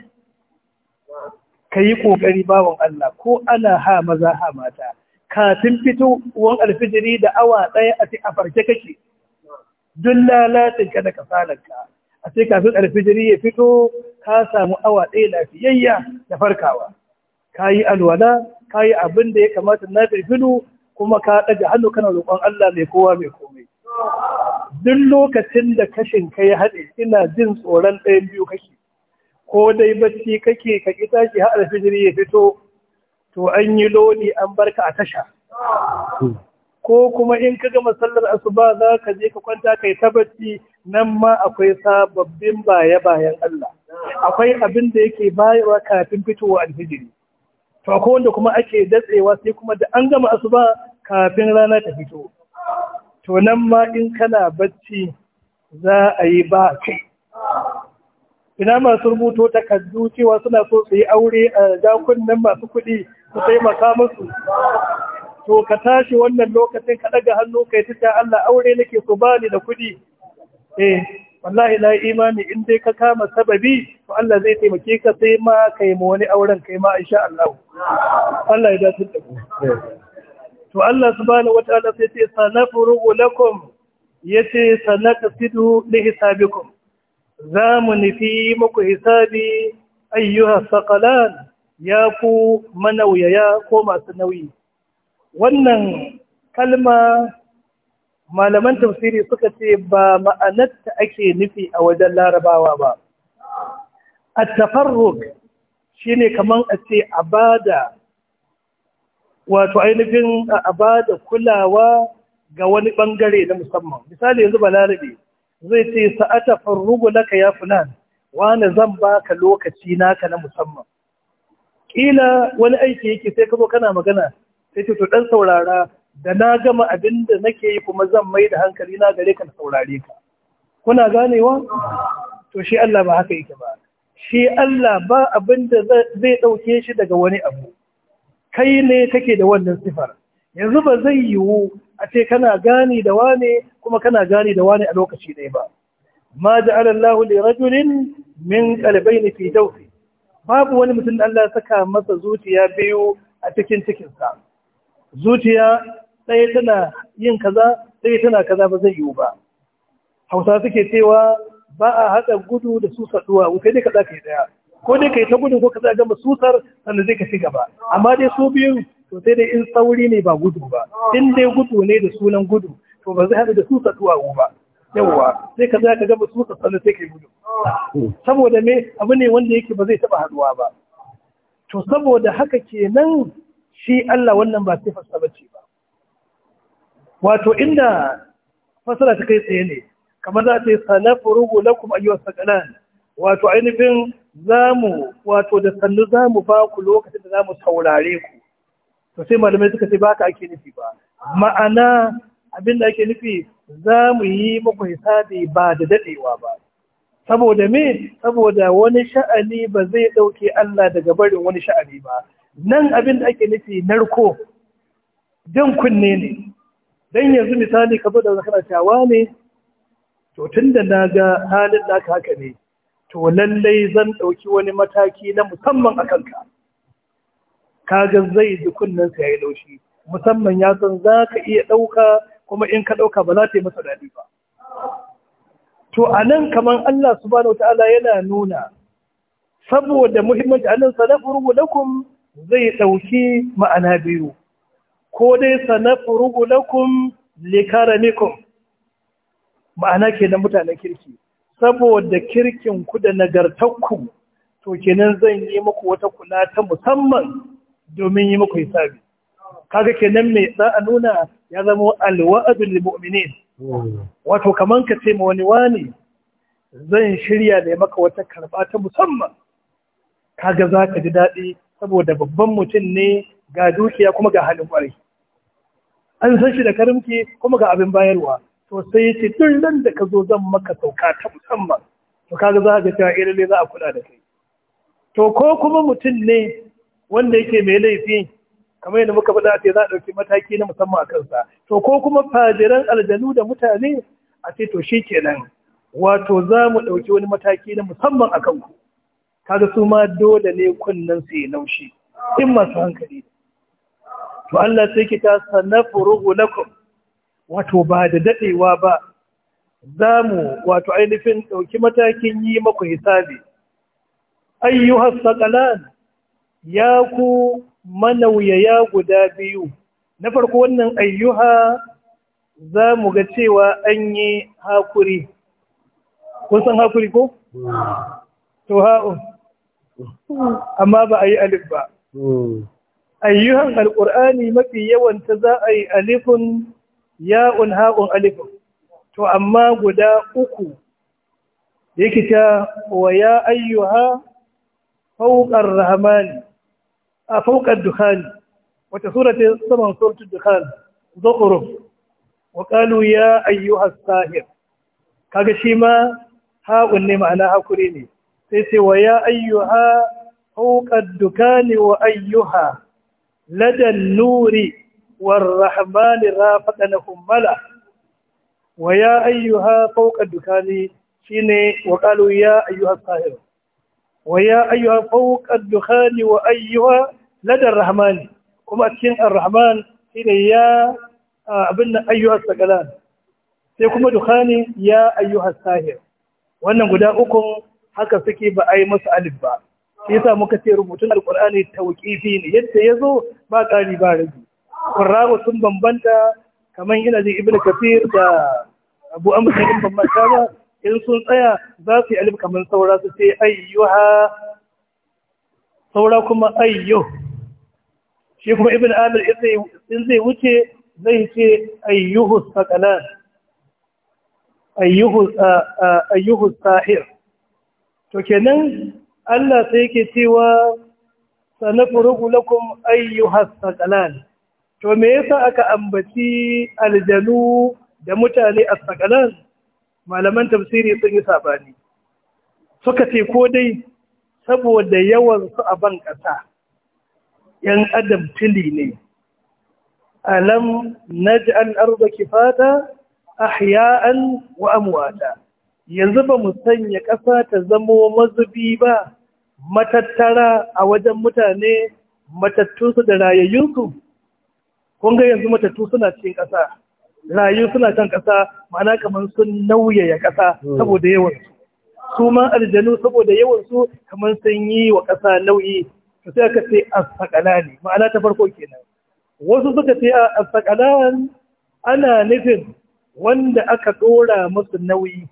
ka yi ƙoƙari bawan Allah ko ana ha maza ha mata kafin fito uwan alfijiri da awa ɗaya a farke kake dun lalatinka da kasalanka a ce kafin alfijiri ya fito ka samu awa ɗaya lafiyayya da farkawa ka yi alwala ka yi abin da ya kamata na firfilu kuma ka ɗaga hannu kana roƙon Allah mai kowa mai komai duk lokacin da kashin ka ya haɗe ina jin tsoron ɗayan biyu kake ko dai bacci kake ka ƙi tashi har alfijiri ya fito to an yi loni an barka a tasha ko kuma in ka gama sallar asuba za ka je ka kwanta kai ta bacci nan ma akwai sababbin baya bayan Allah akwai abin da yake bayarwa kafin fitowa alhijiri to akwai wanda kuma ake datsewa sai kuma da an gama asuba kafin rana ta fito to nan ma in kana bacci za a yi ba kai ina masu rubuto takardu cewa suna so su yi aure a jakunan masu kuɗi su taimaka musu to ka tashi wannan lokacin ka daga hannu kai ta ta Allah aure nake so ba ni da kuɗi eh wallahi la imani in dai ka kama sababi to Allah zai taimake ka sai ma kai mu wani auren kai ma insha Allah Allah ya dace da ku to Allah subhanahu wataala sai ce sanafuru lakum yace sanaqsidu li hisabikum za mu nufi muku hisabi ayyuha saqalan ya ku manauyaya ko masu nauyi wannan kalma malaman tafsiri suka ce ba ma'anarta ake nufi a wajen larabawa ba a tafarruk shi ne kamar a ce a ba da wato ainihin a kulawa ga wani bangare na musamman misali yanzu balarabe zai ce sa'ata farrugu laka ya fulan wani zan baka lokaci naka na musamman Ƙila wani aiki yake sai ka kana magana sai ce to dan saurara da na gama abin da nake yi kuma zan mai da hankali na gare ka saurare ka kuna ganewa to shi Allah ba haka yake ba shi Allah ba abin da zai dauke shi daga wani abu kai ne kake da wannan sifar yanzu ba zai yiwu a ce kana gani da wane kuma kana gani da wane a lokaci ɗaya ba ma ja'ala Allahu li rajulin min qalbayn fi dawfi babu wani mutum da Allah saka masa zuciya biyu a cikin cikinsa zuciya ɗaya tana yin kaza ɗaya tana kaza ba zai yiwu ba hausa suke cewa ba a haɗa gudu da susar duwawu wuce dai kaza ka yi ɗaya ko dai ka yi ta gudun ko kaza gama susar sannan zai ka ci gaba amma dai su biyun to sai dai in sauri ne ba gudu ba in dai gudu ne da sunan gudu to ba zai haɗu da susar duwawu ba yawwa sai ka za ka gama susar sannan sai ka yi gudu saboda me abu ne wanda yake ba zai taɓa haɗuwa ba to saboda haka kenan shi Allah wannan ba sifarsa bace ba wato inda fasara ta kai tsaye ne kamar za ta yi sanafuruhu lakum ayyuhas saqalan wato ainihin zamu wato da sannu zamu ba ku lokacin da zamu saurare ku to sai malamai suka ce ba ka ake nufi ba ma'ana abin da ake nufi za mu yi muku hisabi ba da dadewa ba saboda me saboda wani sha'ani ba zai dauke Allah daga barin wani sha'ani ba nan abin da ake nufi narko jan kunne ne don yanzu misali kaba da kana cewa ne to tun da na ga halin da aka haka ne to lallai zan ɗauki wani mataki na musamman a kanka kaga zai ji sa ya yi laushi musamman ya san za ka iya ɗauka kuma in ka ɗauka ba za ta yi masa daɗi ba to a nan kamar Allah subhanahu wa ta'ala yana nuna saboda muhimmanci annan sadafu rubu lakum zai ɗauki ma'ana biyu ko dai sanafrugu lakum likaramikum ma'ana kenan mutanen kirki saboda kirkin ku da nagartakku to kenan zan yi muku wata kula ta musamman domin yi muku hisabi kaga kenan mai za nuna ya zama alwa'adun limomini, wato kaman ka ce ma wani wani zan shirya da maka wata karɓa ta musamman kaga za ka ji daɗi saboda babban mutum ne ga dukiya kuma ga halin kwarai an san shi da karimki kuma ga abin bayarwa to sai ya ce duk nan da ka zo zan maka sauka ta musamman to kaga za ka ga cewa irin eh, ne za a kula da kai to ko kuma mutum ne wanda yake mai laifi kamar yadda muka faɗa ce za a ɗauki mataki na musamman a kansa to ko kuma fajiran aljanu da mutane a ce to shi kenan wato za mu ɗauki wani mataki na musamman a kanku kaga su ma dole ne kunnen su yi laushi in masu hankali to Allah sai ki ta na lakum wato ba da daɗewa ba za mu wato ainihin ɗauki matakin yi maku hisabi ayyuhas saƙalan ya ku manauyaya guda biyu na farko wannan ayyuha za mu ga cewa an yi hakuri kun san hakuri ko? Hmm. to ha'un amma ba a yi alif ba hmm. ayyuhan alƙur'ani mafi yawanta za a yi alifun ya'un ha'un alifun to amma guda uku yake ta wa ya ayyuha fauƙar rahamani a fauƙar dukhani wata sura ta saman surtu dukhani, zukuruf wa ƙalu ya ayyuhar sahir kaga shi ma ha'un ne ma'ana haƙuri ne sai sai wa ya ayyuha fawqad dukani wa ayyuha ladan nuri war rahmani na hummala wa ya ayyuha fawqad dukani shine wa qalu ya ayyuha sahir wa ya ayyuha fawqad dukani wa ayyuha ladan rahmani kuma cikin ar-rahman shine ya abin nan ayyuha sakalan sai kuma dukani ya ayyuha sahir wannan guda ukun. haka suke ba a yi masa alif ba shi yasa muka ce rubutun alqur'ani tawqifi ne yadda yazo ba ƙari ba rage qurra'u sun bambanta kamar ina jin ibnu kafir da abu amsa in bambanta ba in sun tsaya za su yi alif kaman saura su ce ayyuha saura kuma ayyo shi kuma ibn amir in zai wuce zai ce ayyuhu saqalan ayyuhu ayyuhu sahir to kenan Allah sai yake cewa sanafurgu lakum ayyuhas saqalan to me yasa aka ambaci aljanu da mutane a saqalan malaman tafsiri sun yi sabani suka ce ko dai saboda yawan su a ban kasa yan adam tili ne alam naj'al arda kifata ahya'an wa amwata yanzu ba mu sanya ƙasa ta zamo mazubi ba matattara a wajen mutane matattunsu da rayayyunsu kun ga yanzu matattu suna cikin ƙasa rayu suna kan ƙasa ma'ana kamar sun nauyaya ƙasa saboda yawansu su ma aljanu saboda yawansu kamar sun yi wa ƙasa nauyi to sai aka ce ne, ma'ana ta farko kenan wasu suka ce a asaqalan ana nufin wanda aka ɗora musu nauyi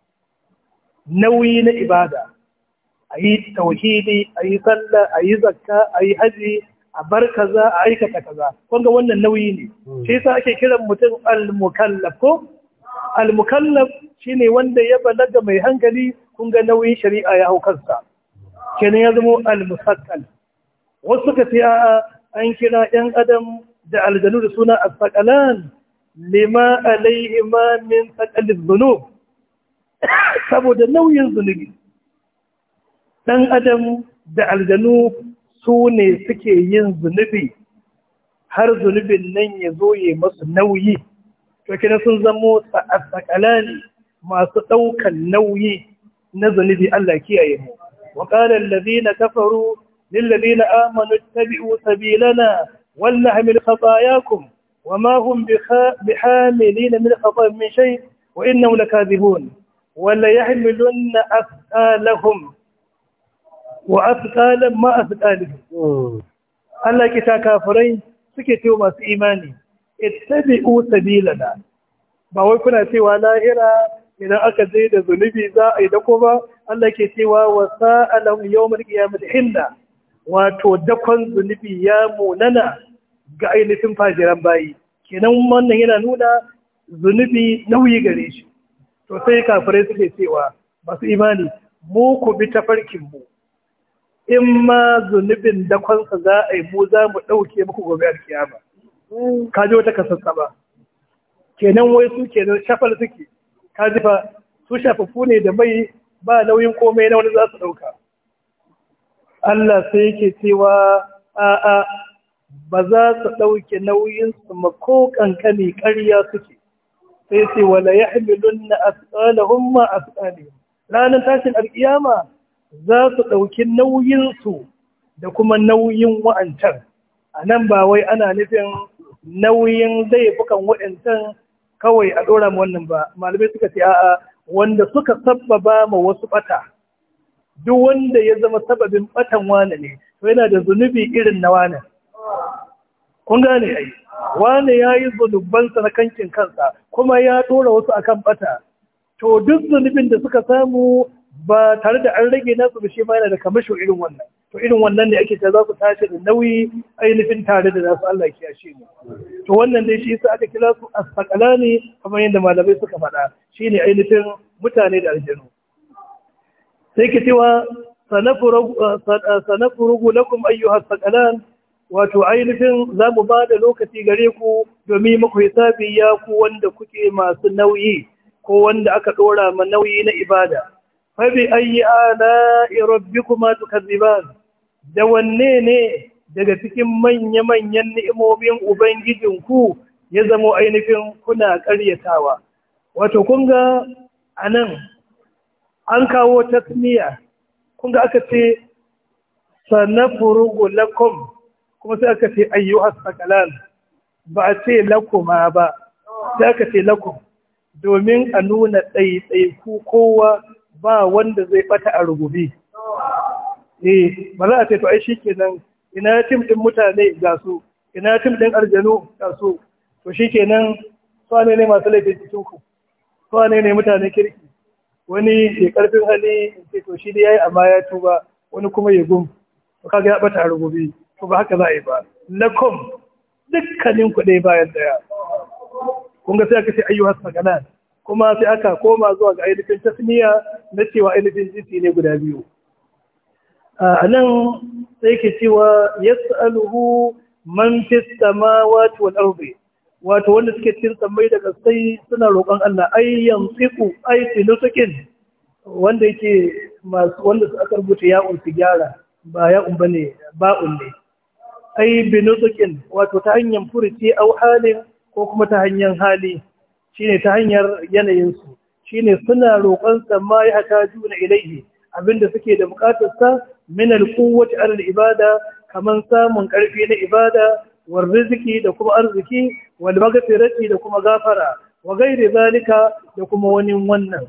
nauyi na ibada a yi tauhidi a yi sallah a yi zakka a yi haji a bar kaza a aikata kaza kwanga wannan nauyi ne hmm. shi sa ake kiran mutum al-mukallaf ko al-mukallaf shine wanda ya balaga mai hankali kun ga nauyin shari'a ya hau kansa kenan ya zama al musakkal wasu suka ce a an kira yan adam da aljanu da suna as-saqalan lima ma min saqaliz dhunub saboda nauyin zunubi ɗan adam da aljanu su ne suke yin zunubi har zunubin nan ya zo ya masu nauyi to kina sun zamo sa'asakala ne masu ɗaukan nauyi na zunubi Allah kiyaye mu wa qala allazina kafaru lil ladina amanu ittabi'u sabilana Wannan nahmil khatayakum wama hum bihamilina min khatayin min shay wa innahum lakadhibun وليحملن أثقالهم وأثقالا ما أثقالهم Allah ki ta kafirai suke ce masu imani ittabi'u sabilana ba wai kuna cewa lahira idan aka je da zunubi za a yi dako ba Allah ke cewa wa sa'alam ya qiyamati hinda wato dakon zunubi ya munana ga ainihin fajiran bayi kenan wannan yana nuna zunubi nauyi gare shi to sai kafirai suke cewa masu imani mu ku bi ta farkin mu in ma zunubin dakonsa za a yi mu za mu ɗauke muku gobe alkiyama ka ji wata kasassa ba kenan wai su kenan shafar suke ka ji fa su shafafu ne da mai ba nauyin komai na wani za su ɗauka Allah sai yake cewa a'a ba za su ɗauke nauyin su ma ko ƙarya suke sai ce wala ya hamilun na asƙalahun ma asali. ranar tashin alƙiyama za su ɗauki nauyinsu da kuma nauyin wa'ancan a nan ba wai ana nufin nauyin laifukan wa'ancan kawai a ɗora wannan ba malamai suka ce a'a wanda suka sabbaba ma wasu ɓata duk wanda ya zama sababin ɓatan wane ne yana da zunubi irin na wane kun gane ai wani ya yi zunubansa na kankin kansa kuma ya tura wasu akan bata to duk zunubin da suka samu ba tare da an rage nasu ba shi ma yana da kamasho irin wannan to irin wannan ne ake ta za su tashi da nauyi ainihin tare da nasu Allah ya shi ne to wannan dai shi yasa aka kira su asfaqalani kamar yadda malamai suka faɗa shine ainihin mutane da aljanu sai ki cewa uh, uh, sanafuru lakum ayyuha asfaqalan wato ainihin za mu ba da lokaci gare ku domin muku hisabi ya ku wanda kuke masu nauyi ko wanda aka ɗora ma nauyi na ibada. Fabi ayi ala irabbi kuma tukazziban da wanne ne daga cikin manya-manyan ni'imomin ku ya zamo ainihin kuna ƙaryatawa. Wato kun ga a nan an kawo tasmiya kun ga aka ce sanafuru lakum kuma sai aka ce ayyuhas saqalan ba a ce lakuma ba sai aka ce lakum domin a nuna ko kowa ba wanda zai bata a rububi eh ba za a ce to ai shikenan ina tim din mutane ga su ina tim din arjanu ga su to shikenan swane ne masu laifin cikin ku swane ne mutane kirki wani ya karfin hali in ce to shi dai yayi amma ya tuba wani kuma ya gum to kaga ya bata a rububi ko ba haka za a yi ba lakum dukkanin ku dai bayan daya kun ga sai aka ce ayyuha kuma sai aka koma zuwa ga ainihin tasmiya na cewa ainihin jinsi ne guda biyu a nan sai ke cewa yas'aluhu man fi samawati wal ardi wato wanda suke cikin tsammai daga sai suna roƙon Allah ai yanfiqu ai tinusukin wanda yake masu wanda aka rubuta ya'un su gyara ba ya'un bane ba'un ne ai binutukin wato ta hanyar furuci au halin ko kuma ta hanyar hali shine ta hanyar yanayinsu shine suna roƙon sa ma ya haka juna ilaihi abinda suke da buƙatar sa min quwwati al ibada kaman samun ƙarfi na ibada war riziki da kuma arziki wal maghfirati da kuma gafara wa ghairi zalika da kuma wani wannan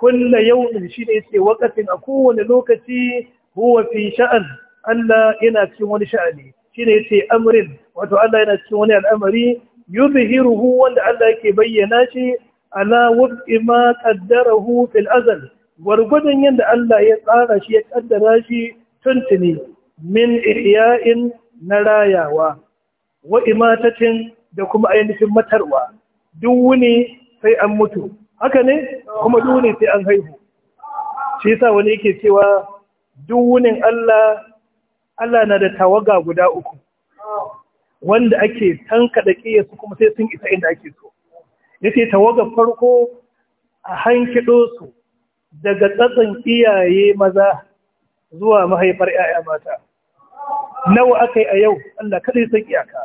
kullu yawmin shine yace wakatin a kowane lokaci huwa fi sha'an Allah yana cikin wani sha'ani shine yace amrin wato Allah yana cikin wani al'amari ruhu wanda Allah yake bayyana shi ala wufi ma qaddarahu fil azal gwargwadon yadda Allah ya tsara shi ya kaddara shi tuntuni min ihya'in na rayawa wa imatatin da kuma ainihin matarwa duk wuni sai an mutu haka ne kuma duk wuni sai an haihu shi yasa wani yake cewa duk wunin Allah Allah na da tawaga guda uku wanda ake tankaɗa su kuma sai sun isa inda ake so ya ce tawaga farko a hankido su daga tsatsan iyaye maza zuwa mahaifar 'ya'ya mata nawa aka yi a yau Allah kaɗai sun iyaka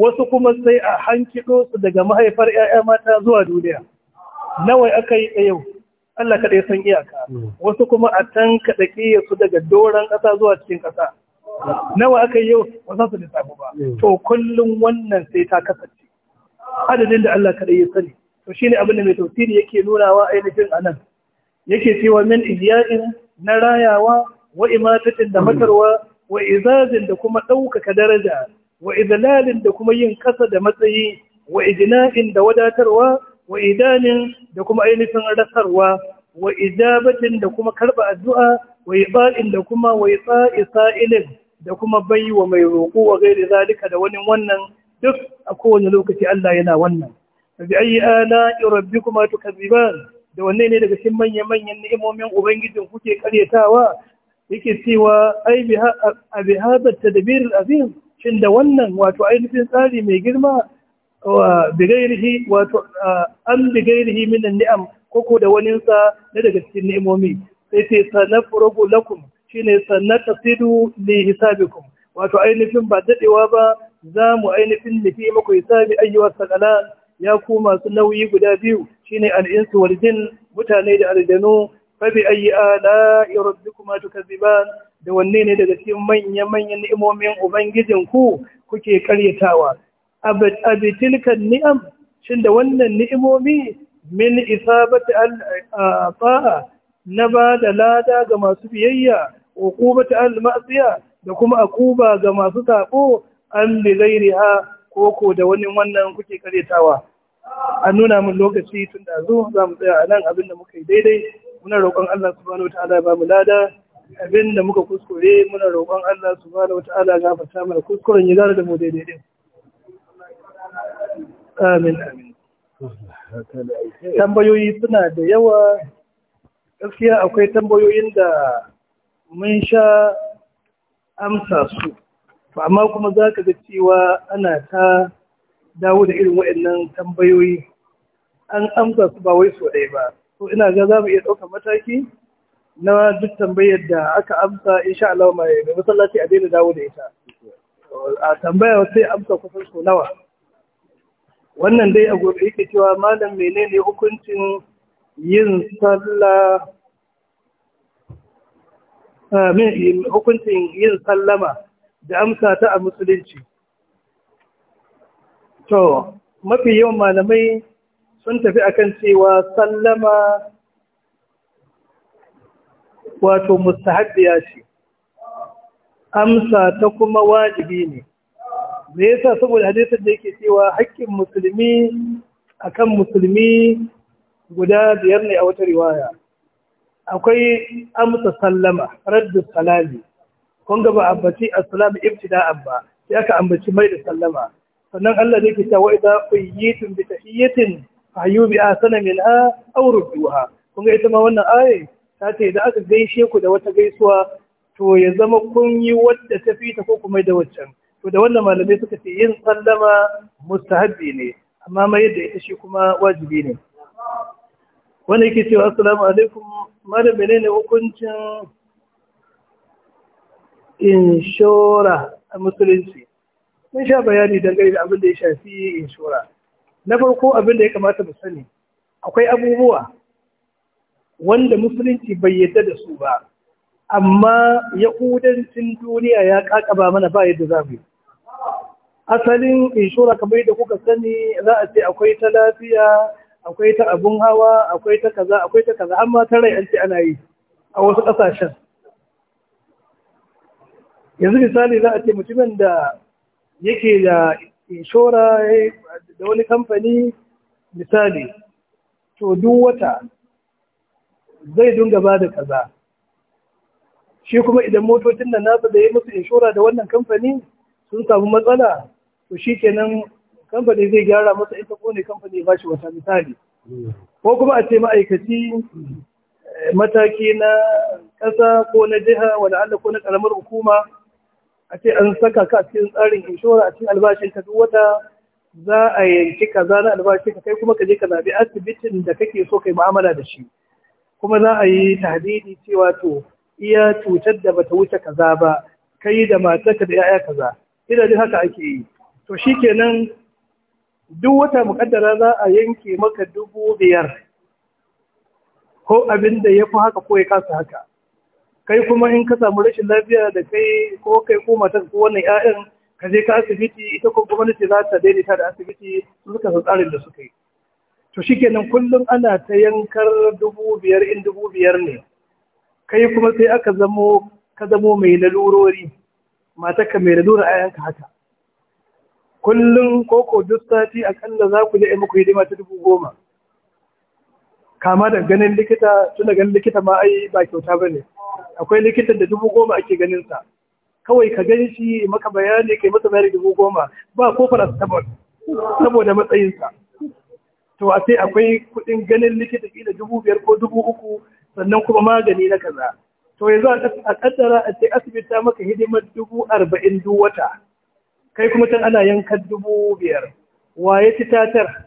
wasu kuma sai a hankido su daga mahaifar 'ya'ya mata zuwa duniya nawa aka yi a yau Allah kaɗai sun iyaka wasu kuma a tanka tankaɗa su daga doron ƙasa zuwa cikin ƙasa nawa aka yi yau ba za su lissafi ba hmm. to kullum wannan sai ta kasance adadin da Allah kaɗai ya sani to shi ne abin da mai tausiri yake nunawa ainihin a nan yake cewa min ihya'in na rayawa wa imatatin da hmm. matarwa wa izazin da kuma ɗaukaka daraja wa izalalin da kuma yin kasa da matsayi wa ijina'in da wadatarwa wa idanin da kuma ainihin rasarwa wa ijabatin da kuma karɓa addu'a wa ibadin da kuma wa tsa'isa'ilin da kuma bai wa mai roƙo wa gairi zalika da wani wannan duk a kowane lokaci Allah yana wannan bi ayi ala to kaziban da wanne ne daga cikin manyan manyan ni'imomin ubangijin kuke karyatawa yake cewa ai bi abi hada tadbir azim shin da wannan wato ainihin tsari mai girma bigairihi wato an bigairihi minan ni'am koko da waninsa na daga cikin ni'imomi sai sai sanafuru lakum shine sannan tasidu li hisabikum wato ainihin ba dadewa ba za mu ainihin nufi muku hisabi ayyuwa sakalan ya ku masu nauyi guda biyu shine al'insu wal jin mutane da aljanu fa bi ayyi ala rabbikuma tukaziban da wanne ne daga cikin manyan manyan ni'imomin ubangijin ku kuke karyatawa abitilkan ni'am shin da wannan ni'imomi min isabati al na ba da lada ga masu biyayya uqubati al ma'siya da kuma akuba ga masu sako an bi ghairiha ko ko da wani wannan kuke karetawa an nuna min lokaci tun da zo za mu tsaya a nan abin da muka yi daidai muna roƙon Allah subhanahu wataala ba mu lada abin da muka kuskure muna roƙon Allah subhanahu wataala gafarta mana kuskuren ya gara da mu daidai din amin amin tambayoyi suna da yawa gaskiya akwai tambayoyin da mun sha amsa su amma kuma za ka ga cewa ana ta dawo da irin waɗannan tambayoyi an amsa su ba wai so ɗaya ba to ina ga za mu iya ɗaukar mataki na duk tambayar da aka amsa insha Allah mai ga masallaci a daina dawo da ita a tambaya sai amsa kusan so nawa wannan dai a gobe yake cewa malam menene hukuncin yin sallah hukuncin yin sallama da amsa ta a musulunci to mafi yawan malamai sun tafi akan cewa sallama wato mustahabbiya ce amsa ta kuma wajibi ne me yasa saboda hadisar da yake cewa haƙƙin musulmi akan musulmi guda biyar ne a wata riwaya akwai amsa sallama raddu salami kun ga ba ambaci assalamu ibtida'an ba sai aka ambaci mai da sallama sannan Allah ne ke ta wa idza qayyitum bi tahiyyatin fahyu bi min minha aw rudduha kun ga ita ma wannan ayi ta ce idan aka gaishe ku da wata gaisuwa to ya zama kun yi wadda ta fita ko kuma da waccan to da wannan malamai suka ce yin sallama mustahabbi ne amma mai da ita shi kuma wajibi ne wani ke cewa assalamu alaikum malam ne hukuncin inshora a musulunci mun sha bayani dangane da abin da ya shafi inshora na farko abin da ya kamata mu sani akwai abubuwa wanda musulunci bai yadda da su ba amma ya kudancin duniya ya kakaba mana ba yadda za mu asalin inshora kamar yadda kuka sani za a ce akwai ta lafiya akwai ta abun hawa akwai ta kaza akwai ta kaza amma ta rai an ce ana yi a wasu ƙasashen yanzu misali za a ce mutumin da yake da inshora da wani kamfani misali to duk wata zai dunga ba da kaza shi kuma idan motocin da nasa da ya musu inshora da wannan kamfani sun samu matsala to shi kenan kamfani zai gyara masa ita ko ne kamfani ba shi wata misali ko kuma a ce ma'aikaci eh, mataki na ƙasa ko na jiha wani Allah ko na ƙaramar hukuma a ce an saka ka a cikin tsarin inshora a cikin albashin ka duk wata za a yanki kaza na albashi ka kai kuma ka je ka zabi asibitin da kake so kai mu'amala da shi kuma za a yi tahdidi cewa to iya cutar da bata wuce kaza ba kai da matarka da 'ya'ya kaza ina haka ake yi to shikenan duk wata mukaddara za a yanke maka dubu biyar ko abin da ya fi haka ko ya kasa haka kai kuma in ka samu rashin lafiya da kai ko kai ko mata ko wannan 'ya'yan ka je ka asibiti ita ko gwamnati za ta daidaita da asibiti suka su tsarin da suka yi to shikenan kullum ana ta yankar dubu biyar in dubu biyar ne kai kuma sai aka zamo ka zamo mai lalurori matarka mai lalura a yanka haka kullum koko duk sati akalla za ku je muku hidima ta dubu goma kama da ganin likita tuna ganin likita ma ai ba kyauta ba ne akwai likitan da dubu goma ake ganin sa kawai ka gani shi maka bayani kai masa bayani dubu goma ba ko farastabon saboda matsayinsa to a sai akwai kuɗin ganin likita kila dubu biyar ko dubu uku sannan kuma magani na kaza to yanzu a kaddara a sai asibiti maka hidimar dubu arba'in duk wata kai kuma can ana yankan dubu biyar waye ci tatar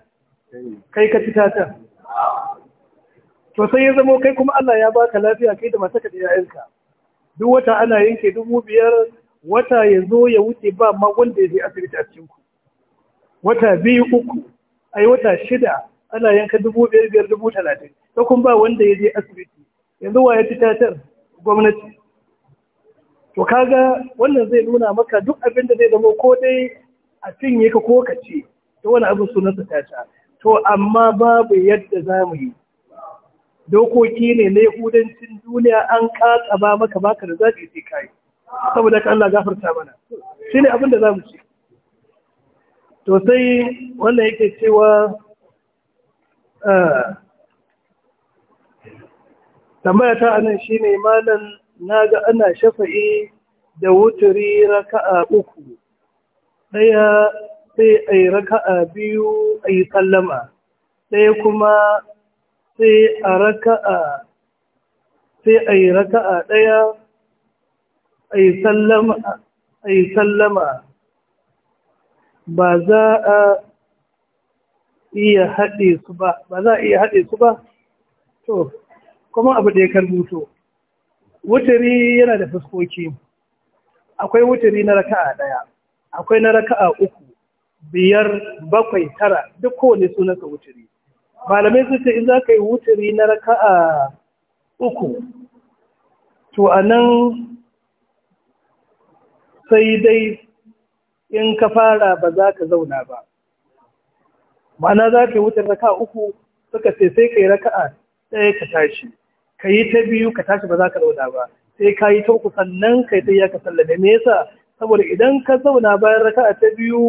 kai ka ci tatar to sai ya zamo kai kuma Allah ya baka lafiya kai da matarka da yayinka duk wata ana yanke dubu biyar wata ya zo ya wuce ba ma wanda ya je asibiti a cikin ku wata biyu uku ai wata shida ana yanka dubu biyar biyar dubu talatin to kun ba wanda ya je asibiti yanzu waye ci tatar gwamnati to kaga wannan zai nuna maka duk abin da zai zama ko dai a cinye ka ko ka ce to wani abin sunansa ta sha to amma babu yadda za mu yi dokoki ne na yahudancin duniya an katsa ba maka baka da zaɓi sai kai saboda ka Allah gafarta mana shi ne abin da za mu ce to sai wannan yake cewa eh, tambaya ta anan ne malam na ga ana shafa'i da wuturi raka'a uku ɗaya sai a yi raka'a biyu a yi sallama ɗaya kuma sai a raka'a sai a yi raka'a ɗaya a yi sallama ba za a iya haɗe su ba ba za a iya haɗe su ba to kuma abu da ya karbuto Wutari yana da fuskoki akwai wutari na raka'a ɗaya akwai na raka'a uku biyar bakwai tara duk kowane sunansa wutari. malamai sun ce in za ka yi wutari na raka'a uku to a nan sai dai in ka fara ba za ka zauna ba ma'ana za ka yi wutar raka'a uku suka ce sai ka yi raka'a ɗaya ka tashi ka yi ta biyu ka tashi ba za ka zauna ba sai ka yi ta uku sannan ka yi ta iya ka sallame me yasa saboda idan ka zauna bayan raka'a ta biyu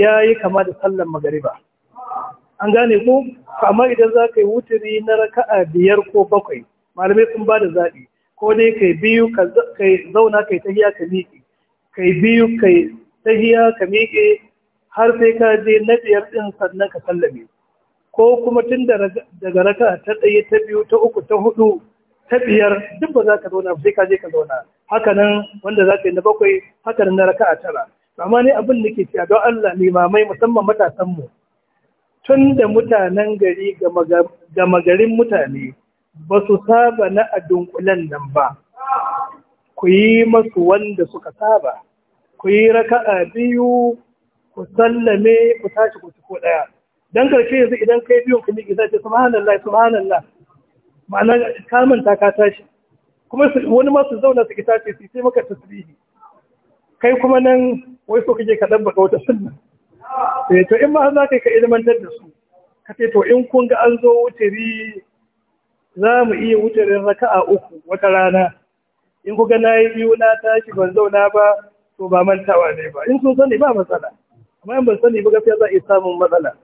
ya yi kama da sallan magariba an gane ku, amma idan za ka yi wuturi na raka'a biyar ko bakwai malamai sun ba da zaɓi ko dai kai biyu ka zauna kai tahiya ka miƙe yi biyu kai tahiya ka miƙe har sai ka je na biyar ɗin sannan ka sallame ko kuma tun daga raka ta ɗaya ta biyu ta uku ta hudu ta biyar duk ba za ka zauna sai ka je ka zauna haka nan wanda za ka yi na bakwai haka nan na raka a tara amma ne abin da ke cewa don Allah limamai musamman matasanmu tun da mutanen gari gama garin mutane ba su saba na a dunkulen nan ba ku yi masu wanda suka saba ku yi raka'a biyu ku sallame ku tashi ku ko ɗaya dan karshe yanzu idan kai biyun ka miƙe sai subhanallah subhanallah ma'ana ka ta, ka tashi kuma wani ma su zauna su kita ce su sai maka tasbihi kai kuma nan wai so kake ka dabba wata sunna eh to in ma za ka ka ilmantar da su ka ce to in kun ga an zo wutari za mu iya wutarin raka'a uku wata rana in ku na yi biyu na tashi ban zauna ba to ba mantawa ne ba in sun sani ba matsala amma in ban sani ba gaskiya za a iya samun matsala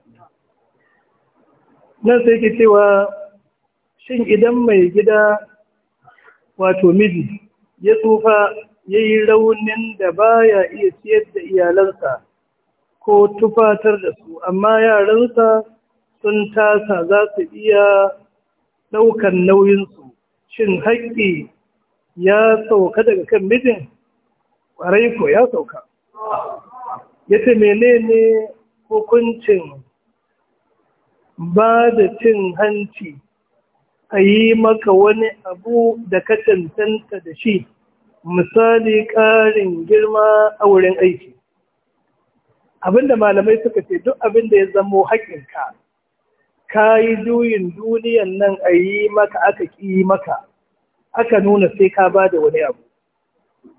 nan sai ke cewa shin idan mai gida wato miji ya tsufa ya yi raunin da baya iya ciyar da iyalansa ko tufatar da su amma yaransa sun tasa za su iya ɗaukan nauyinsu shin haƙƙi ya sauka daga kan mijin ƙwarai ko ya sauka ya ce menene hukuncin ba da cin hanci a yi maka wani abu da ka cancanta da shi misali ƙarin girma a wurin aiki abinda malamai suka ce duk abinda ya zamo haƙinka ka yi juyin duniyan nan a yi maka aka ƙi maka aka nuna sai ka ba da wani abu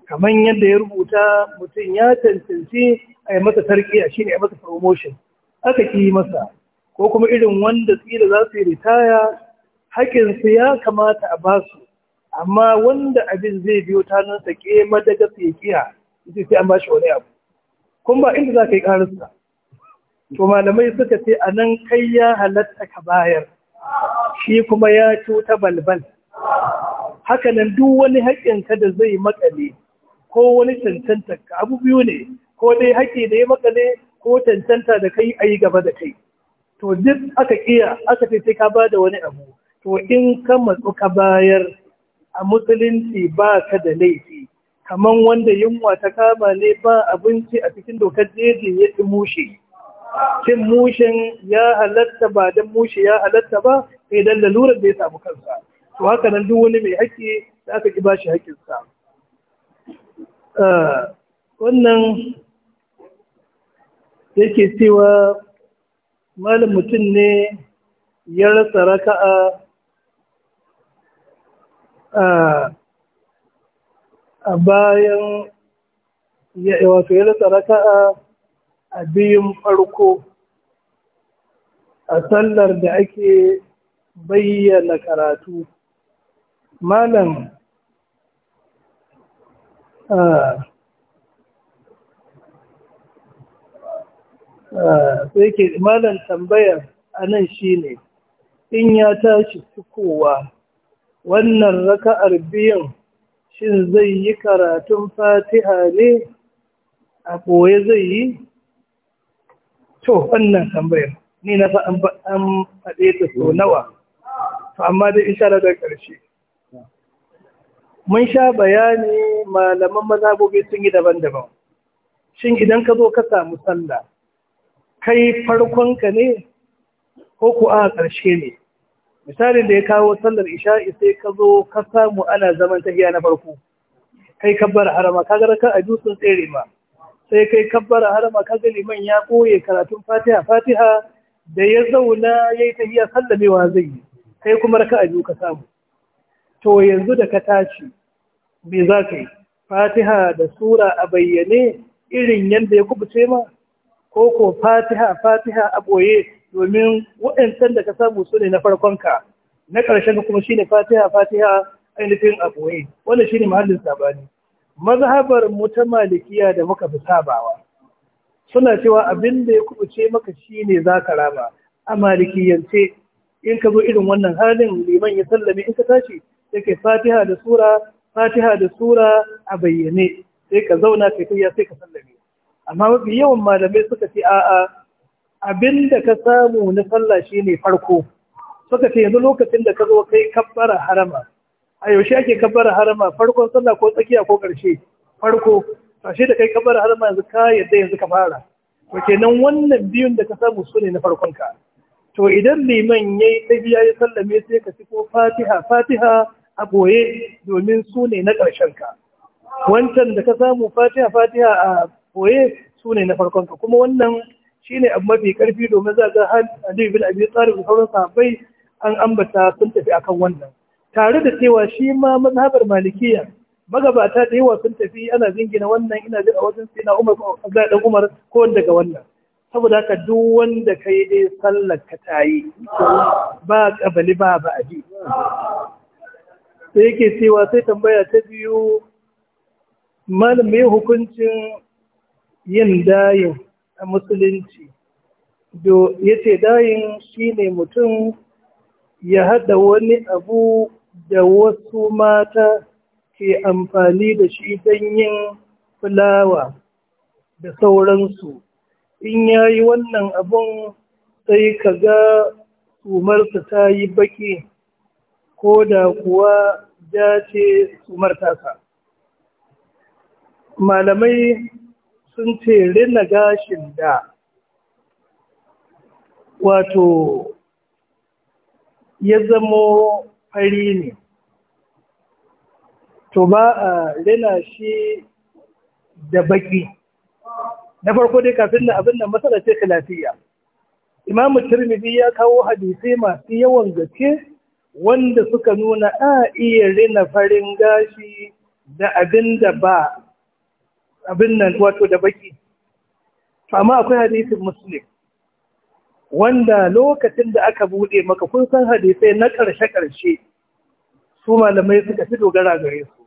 kamar yadda ya rubuta mutum ya cancanci a yi masa tarkiya shi ne a masa promotion aka ƙi masa ko kuma irin wanda tsira za su yi ritaya haƙinsu ya kamata a ba su amma wanda abin zai biyo ta nan sa ke madaga su ya kiya ita sai an ba shi wani abu kun ba inda za ka yi ƙararsa to malamai suka ce a nan kai ya halatta ka bayar shi kuma ya cuta balbal haka nan duk wani haƙinka da zai makale ko wani cancanta abu biyu ne ko dai haƙi da ya makale ko cancanta da kai a yi gaba da kai to duk aka kiya aka ce sai ka ba da wani abu to in ka matsu ka bayar a musulunci ba ka da laifi kamar wanda yunwa ta kama ne ba abinci a cikin dokar jeji ya ci mushe cin mushen ya halatta ba don mushe ya halatta ba sai dan lalurar da ya samu kansa to haka nan duk wani mai haƙƙi da aka ki bashi haƙƙinsa ah, wannan yake cewa mal mutum ne ya rasa raka'a a bayan ya wato ya rasa raka'a a biyun farko a sallar da ake bayyana karatu malam sai ke, malam tambayar a nan shi ne in ya tashi cikowa wannan raka'ar biyan shin zai yi karatun fatiha ne a koye zai yi to wannan tambayar ni na fa an faɗe ta so nawa to amma dai in shara da ƙarshe mun sha bayani malaman mazhabobi sun yi daban-daban shin idan ka zo ka samu sallah kai farkon ka ne ko ku a ƙarshe ne misalin da ya kawo sallar isha'i sai ka zo ka samu ana zaman tahiya na farko kai kabbar harama ka gara kan aju sun tsere ma sai kai kabbar harama ka ga liman ya koye karatun fatiha fatiha da ya zauna ya yi tahiya sallamewa zai yi kai kuma raka aju ka samu to yanzu da ka tashi me za ka yi fatiha da sura a bayyane irin yadda ya kubuce ma ko ko fatiha fatiha A'boye, domin wa'ancan da ka samu su ne na farkonka na ƙarshen kuma shine fatiha fatiha ainihin A'boye, wanda shi shine mahallin sabani mazhabar muta malikiya da muka fi sabawa suna cewa abin da ya kubuce maka shine zaka rama a malikiyance in ka zo irin wannan halin liman ya sallame in ka tashi sai kai fatiha da sura fatiha da sura a bayyane sai ka zauna kai tafiya sai ka sallame amma mafi yawan malamai suka ce a'a abinda ka samu na sallah shine farko suka ce yanzu lokacin da ka zo kai kabbara harama a yaushe ake kabbara harama farkon sallah ko tsakiya ko karshe farko sashe da kai kabbara harama yanzu ka yadda yanzu ka fara to kenan wannan biyun da ka samu su ne na farkon ka to idan liman yayi biya ya sallame sai ka ci ko fatiha fatiha a boye domin su ne na ƙarshen ka wancan da ka samu fatiha fatiha a koye su ne na farkon ka kuma wannan shine abu mafi karfi domin za ga har Ali bin Abi Talib da sauran sahabbai an ambata sun tafi akan wannan tare da cewa shi ma mazhabar malikiya magabata da yawa sun tafi ana zingina wannan ina jin a wajen sai na Umar Abdullahi dan Umar ko daga wannan saboda haka duk wanda ka yi dai sallar ka ta yi ba kabali ba ba a sai yake cewa sai tambaya ta biyu malam mai hukuncin yin dayin a musulunci ya ce dayin shine mutum ya haɗa wani abu da wasu mata ke amfani da shi don yin fulawa da sauransu in ya yi wannan abun sai ka ga sumarsa ta yi baki ko da kuwa ja ce sumar tasa malamai sun ce rina gashin da wato ya zamo fari ne to ba a rina shi da baki na farko dai kafin na abin da matsala ce lafiya imamu turmidi ya kawo hadisai masu yawan gaske wanda suka nuna a iya rina farin gashi da abin da ba abin nan wato da baki amma akwai hadisin muslim wanda lokacin da aka bude maka kun san hadisai na ƙarshe-ƙarshe su malamai suka fi dogara gare su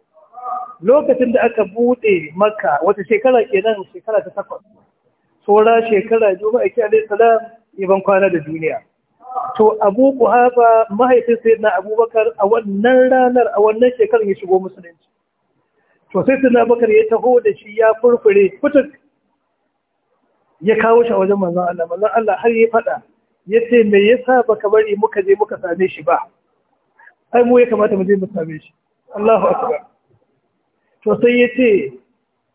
lokacin da aka bude maka wata shekara kenan shekara ta takwas tsora shekara biyu ma'aiki salam iban kwana da duniya to abu buhafa mahaifin yana abubakar a wannan ranar a wannan shekarar ya shigo musulunci to sai suna bakar ya taho da shi ya furfure kutuk ya kawo shi a wajen manzan Allah manzan Allah har ya faɗa ya ce me yasa baka bari muka je muka same shi ba ai mu ya kamata mu je mu same shi Allahu akbar to sai ya ce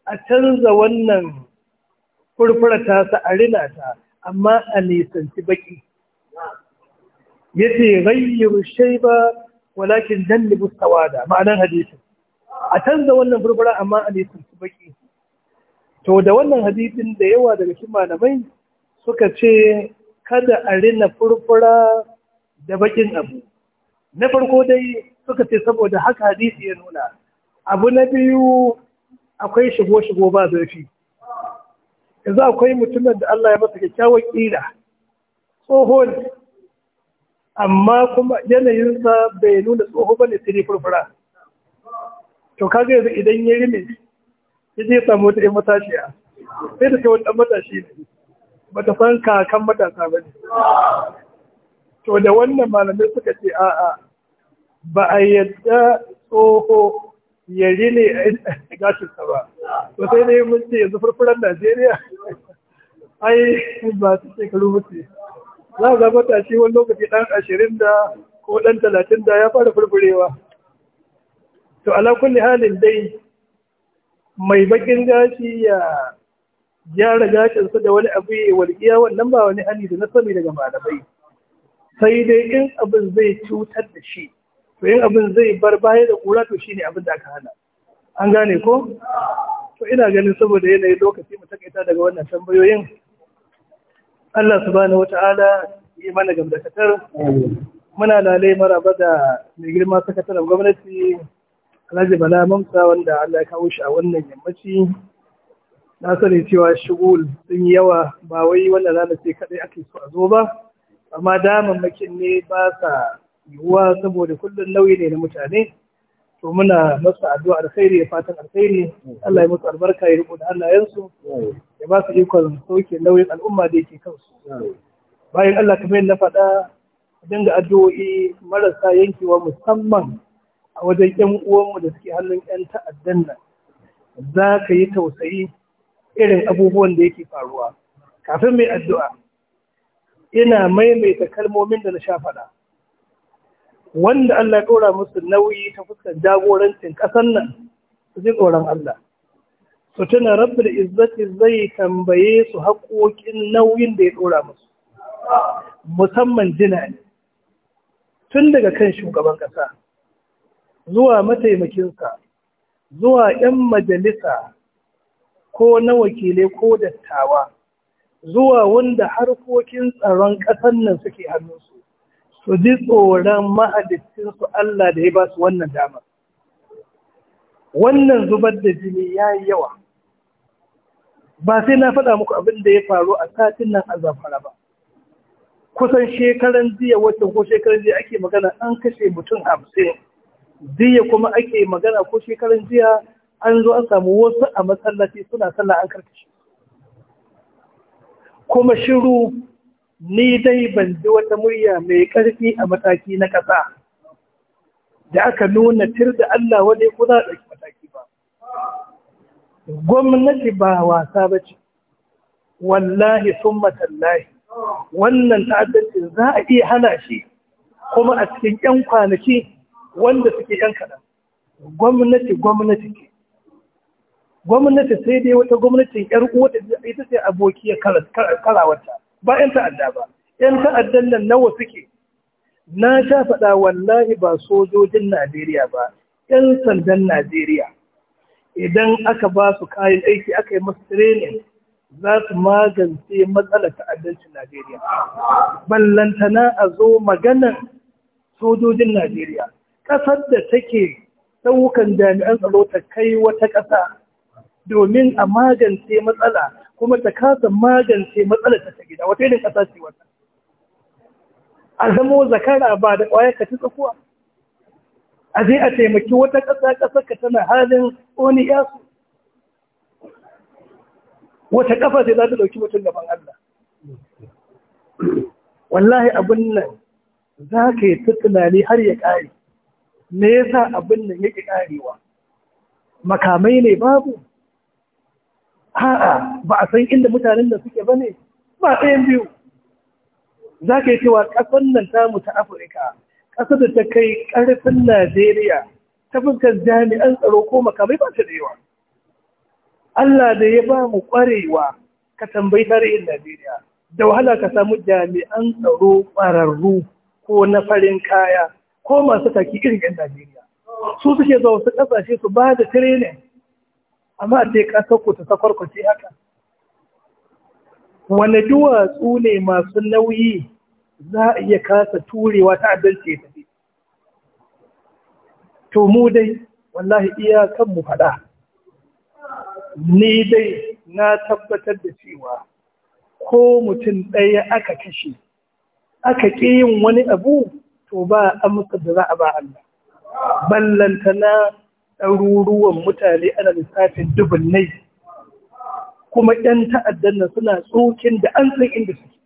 a canza wannan furfura ta sa a rina ta amma a nisanci baki ya ce rayyar shaiba walakin jannibu sawada ma'anar hadisin a canza wannan furfura amma a nisan su baki to da wannan hadisin da yawa daga cikin malamai suka ce kada a rina furfura da bakin abu na farko dai suka ce saboda haka hadisi ya nuna abu na biyu akwai shigo-shigo ba zafi yanzu akwai mutumin da Allah ya masa kyakkyawar ƙira tsohon amma kuma yanayinsa bai nuna tsoho ba ne sai furfura to ka zai zai idan ya rime ya je samu wata 'yan matashiya sai da ta wata matashi ne ba ta san kakan matasa ba ne to da wannan malamai suka ce a'a ba a yadda tsoho ya rine a gashinsa ba to sai dai mun ce yanzu furfuran najeriya ai ba su shekaru mutu za a ga matashi wani lokaci ɗan ashirin da ko ɗan talatin da ya fara furfurewa to ala kulli halin dai mai bakin gashi ya gyara gashinsa da wani abu ya walƙiya wannan ba wani hali da na sani daga malamai sai dai in abin zai cutar da shi to in abin zai bar baya da kura to shine abin da aka hana an gane ko to ina ganin saboda yanayi lokaci mu takaita daga wannan tambayoyin Allah subhanahu wata'ala yi mana gamdakatar muna lalai maraba da mai girma sakataren gwamnati Alhaji Bala Mamsa wanda Allah ya kawo shi a wannan yammaci na sani cewa shigul sun yi yawa ba wai wannan rana ce kadai ake so a zo ba amma damammakin ne ba sa yiwuwa saboda kullum nauyi ne na mutane to muna masa addu'a alkhairi ya fatan alkhairi Allah ya musu albarka ya riko da hannayensu ya ba su ikon sauke nauyin al'umma da yake kansu bayan Allah kamar na faɗa dinga addu'o'i marasa yankewa musamman a wajen ‘yan uwanmu da suke hannun ‘yan ta'addan nan za ka yi tausayi irin abubuwan da yake faruwa kafin mai addu'a ina maimaita kalmomin da na sha faɗa wanda Allah ɗora musu nauyi ta fuskar jagorancin ƙasar nan su ji tsoron Allah su tuna rabbi da izzati zai tambaye su haƙoƙin nauyin da ya ɗora musu musamman jina ne tun daga kan shugaban ƙasa zuwa mataimakinsa zuwa 'yan majalisa ko na wakilai ko dattawa zuwa wanda harkokin tsaron ƙasar nan suke hannunsu su ji tsoron mahalicinsu Allah da ya ba su wannan damar. Wannan zubar da jini ya yi yawa. Ba sai na faɗa muku abin da ya faru a satin nan a zamfara ba. Kusan shekaran jiya wata ko shekaran jiya ake magana an kashe mutum hamsin jiya kuma ake magana ko shekaran jiya an zo an samu wasu a masallaci suna sallah an karkashi kuma shiru ni dai ban ji wata murya mai ƙarfi a mataki na ƙasa da aka nuna tir da Allah wanda za a ɗauki mataki ba gwamnati ba wasa ba ce wallahi sun matallahi wannan ta'addancin za a iya hana shi kuma a cikin 'yan kwanaki wanda suke yan kaɗan gwamnati gwamnati ke gwamnati sai dai wata gwamnatin yar uwa ita ce aboki ya karawarta ba yan ta'adda ba yan ta'addan nan nawa suke na sha faɗa wallahi ba sojojin Najeriya ba yan sandan Najeriya idan aka ba su kayan aiki aka yi masu training za su magance matsalar ta'addancin Najeriya ballantana a zo maganan sojojin Najeriya ƙasar da take ɗaukan jami'an tsaro ta kai wata ƙasa domin a magance matsala kuma ta kasa magance matsala ta gida wata irin ƙasa ce wata a zamo zakara ba da ka ci tsakuwa a je a taimaki wata ƙasa ƙasar ka tana halin oni yasu wata ƙafa zai za ta ɗauki mutum gaban Allah wallahi abin nan za ka yi ta tunani har ya ƙare me yasa abin nan yake karewa makamai ne babu a'a ba a san inda mutanen da suke bane ba ɗayan biyu Zaka yi cewa ƙasar nan tamu ta afirka ƙasar da ta kai ƙarfin najeriya ta fuskar jami'an tsaro ko makamai ba ta da yawa allah da ya ba mu ƙwarewa ka tambayi tarihin najeriya da wahala ka samu jami'an tsaro ƙwararru ko na farin kaya ko masu kaki irin 'yan Najeriya. Su suke zuwa wasu ƙasashe su ba da training, amma sai ƙasar ku ta ce haka. Wane duwatsu ne masu nauyi za a iya kasa turewa ta ce ta To mu dai, wallahi iya kan mu faɗa. Ni dai na tabbatar da cewa ko mutum ɗaya aka kashe, aka ƙi yin wani abu to ba amsa da za a ba Allah ballanta na ɗaruruwan mutane ana lissafin nai, kuma 'yan ta'addan nan suna tsokin da an san inda suke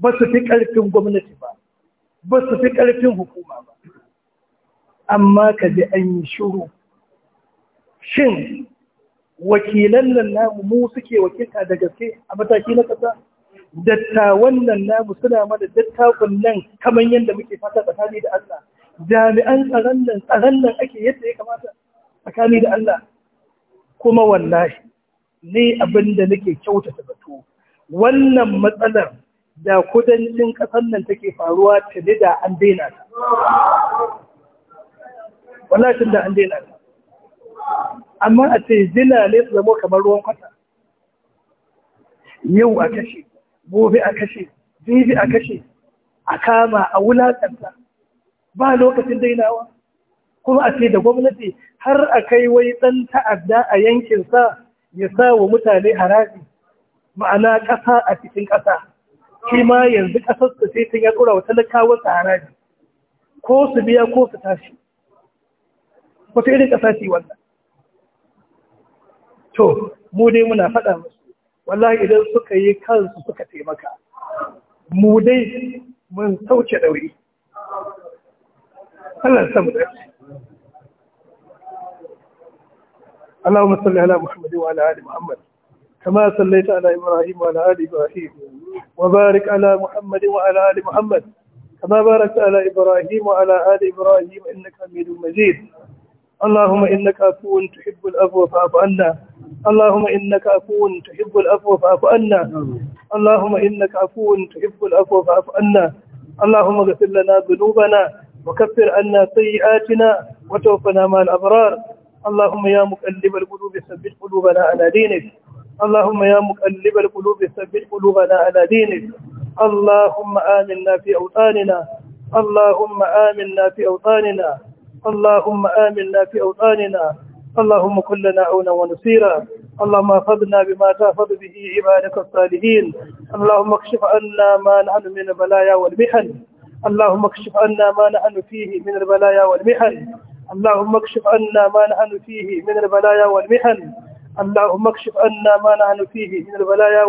ba su fi ƙarfin gwamnati ba ba su fi ƙarfin hukuma ba amma ka ji an yi shiru shin wakilan nan namu mu suke wakilta da gaske a mataki na ƙasa dattawan nan namu suna mana dattakun nan kamar yadda muke fata tsakani da Allah jami'an tsaron nan tsaron nan ake yadda ya kamata tsakani da Allah kuma wallahi ne abin da nake kyautata batu wannan matsalar da kudancin ƙasar nan take faruwa ta da an daina ta wallahi da an daina ta amma a ce zina ne su zama kamar ruwan kwata yau a kashe gobe a kashe jibi a kashe a kama a wulakanta ba lokacin dainawa kuma a ce da gwamnati har a kai wai ɗan ta'adda a yankinsa ya sa wa mutane haraji ma'ana ƙasa a cikin ƙasa shi ma yanzu ƙasarsa sai ta ya ɗora wa talakawar haraji ko su biya ko su tashi wata irin ƙasa ce wannan to mu dai muna faɗa musu والله إذا سك يكال سك في مكان مودي من mun دوري هلا سمعت اللهم صل على محمد وعلى آل محمد كما صليت على إبراهيم وعلى آل إبراهيم وبارك على محمد وعلى آل محمد كما باركت على إبراهيم وعلى آل إبراهيم إنك حميد مجيد اللهم إنك عفو تحب العفو فاعف عنا اللهم إنك عفو تحب العفو فاعف عنا اللهم إنك عفو تحب العفو فاعف عنا اللهم اغفر لنا ذنوبنا وكفر عنا سيئاتنا وتوفنا مع الأبرار اللهم يا مقلب القلوب ثبت قلوبنا على دينك اللهم يا مقلب القلوب ثبت قلوبنا على دينك اللهم آمنا في أوطاننا اللهم آمنا في أوطاننا اللهم آمنا في أوطاننا اللهم كن لنا عونا ونصيرا اللهم احفظنا بما تحفظ به عبادك الصالحين اللهم اكشف عنا ما نحن من البلايا والمحن اللهم اكشف عنا ما نحن فيه من البلايا والمحن اللهم اكشف عنا ما نحن فيه من البلايا والمحن اللهم اكشف عنا ما نحن فيه من البلايا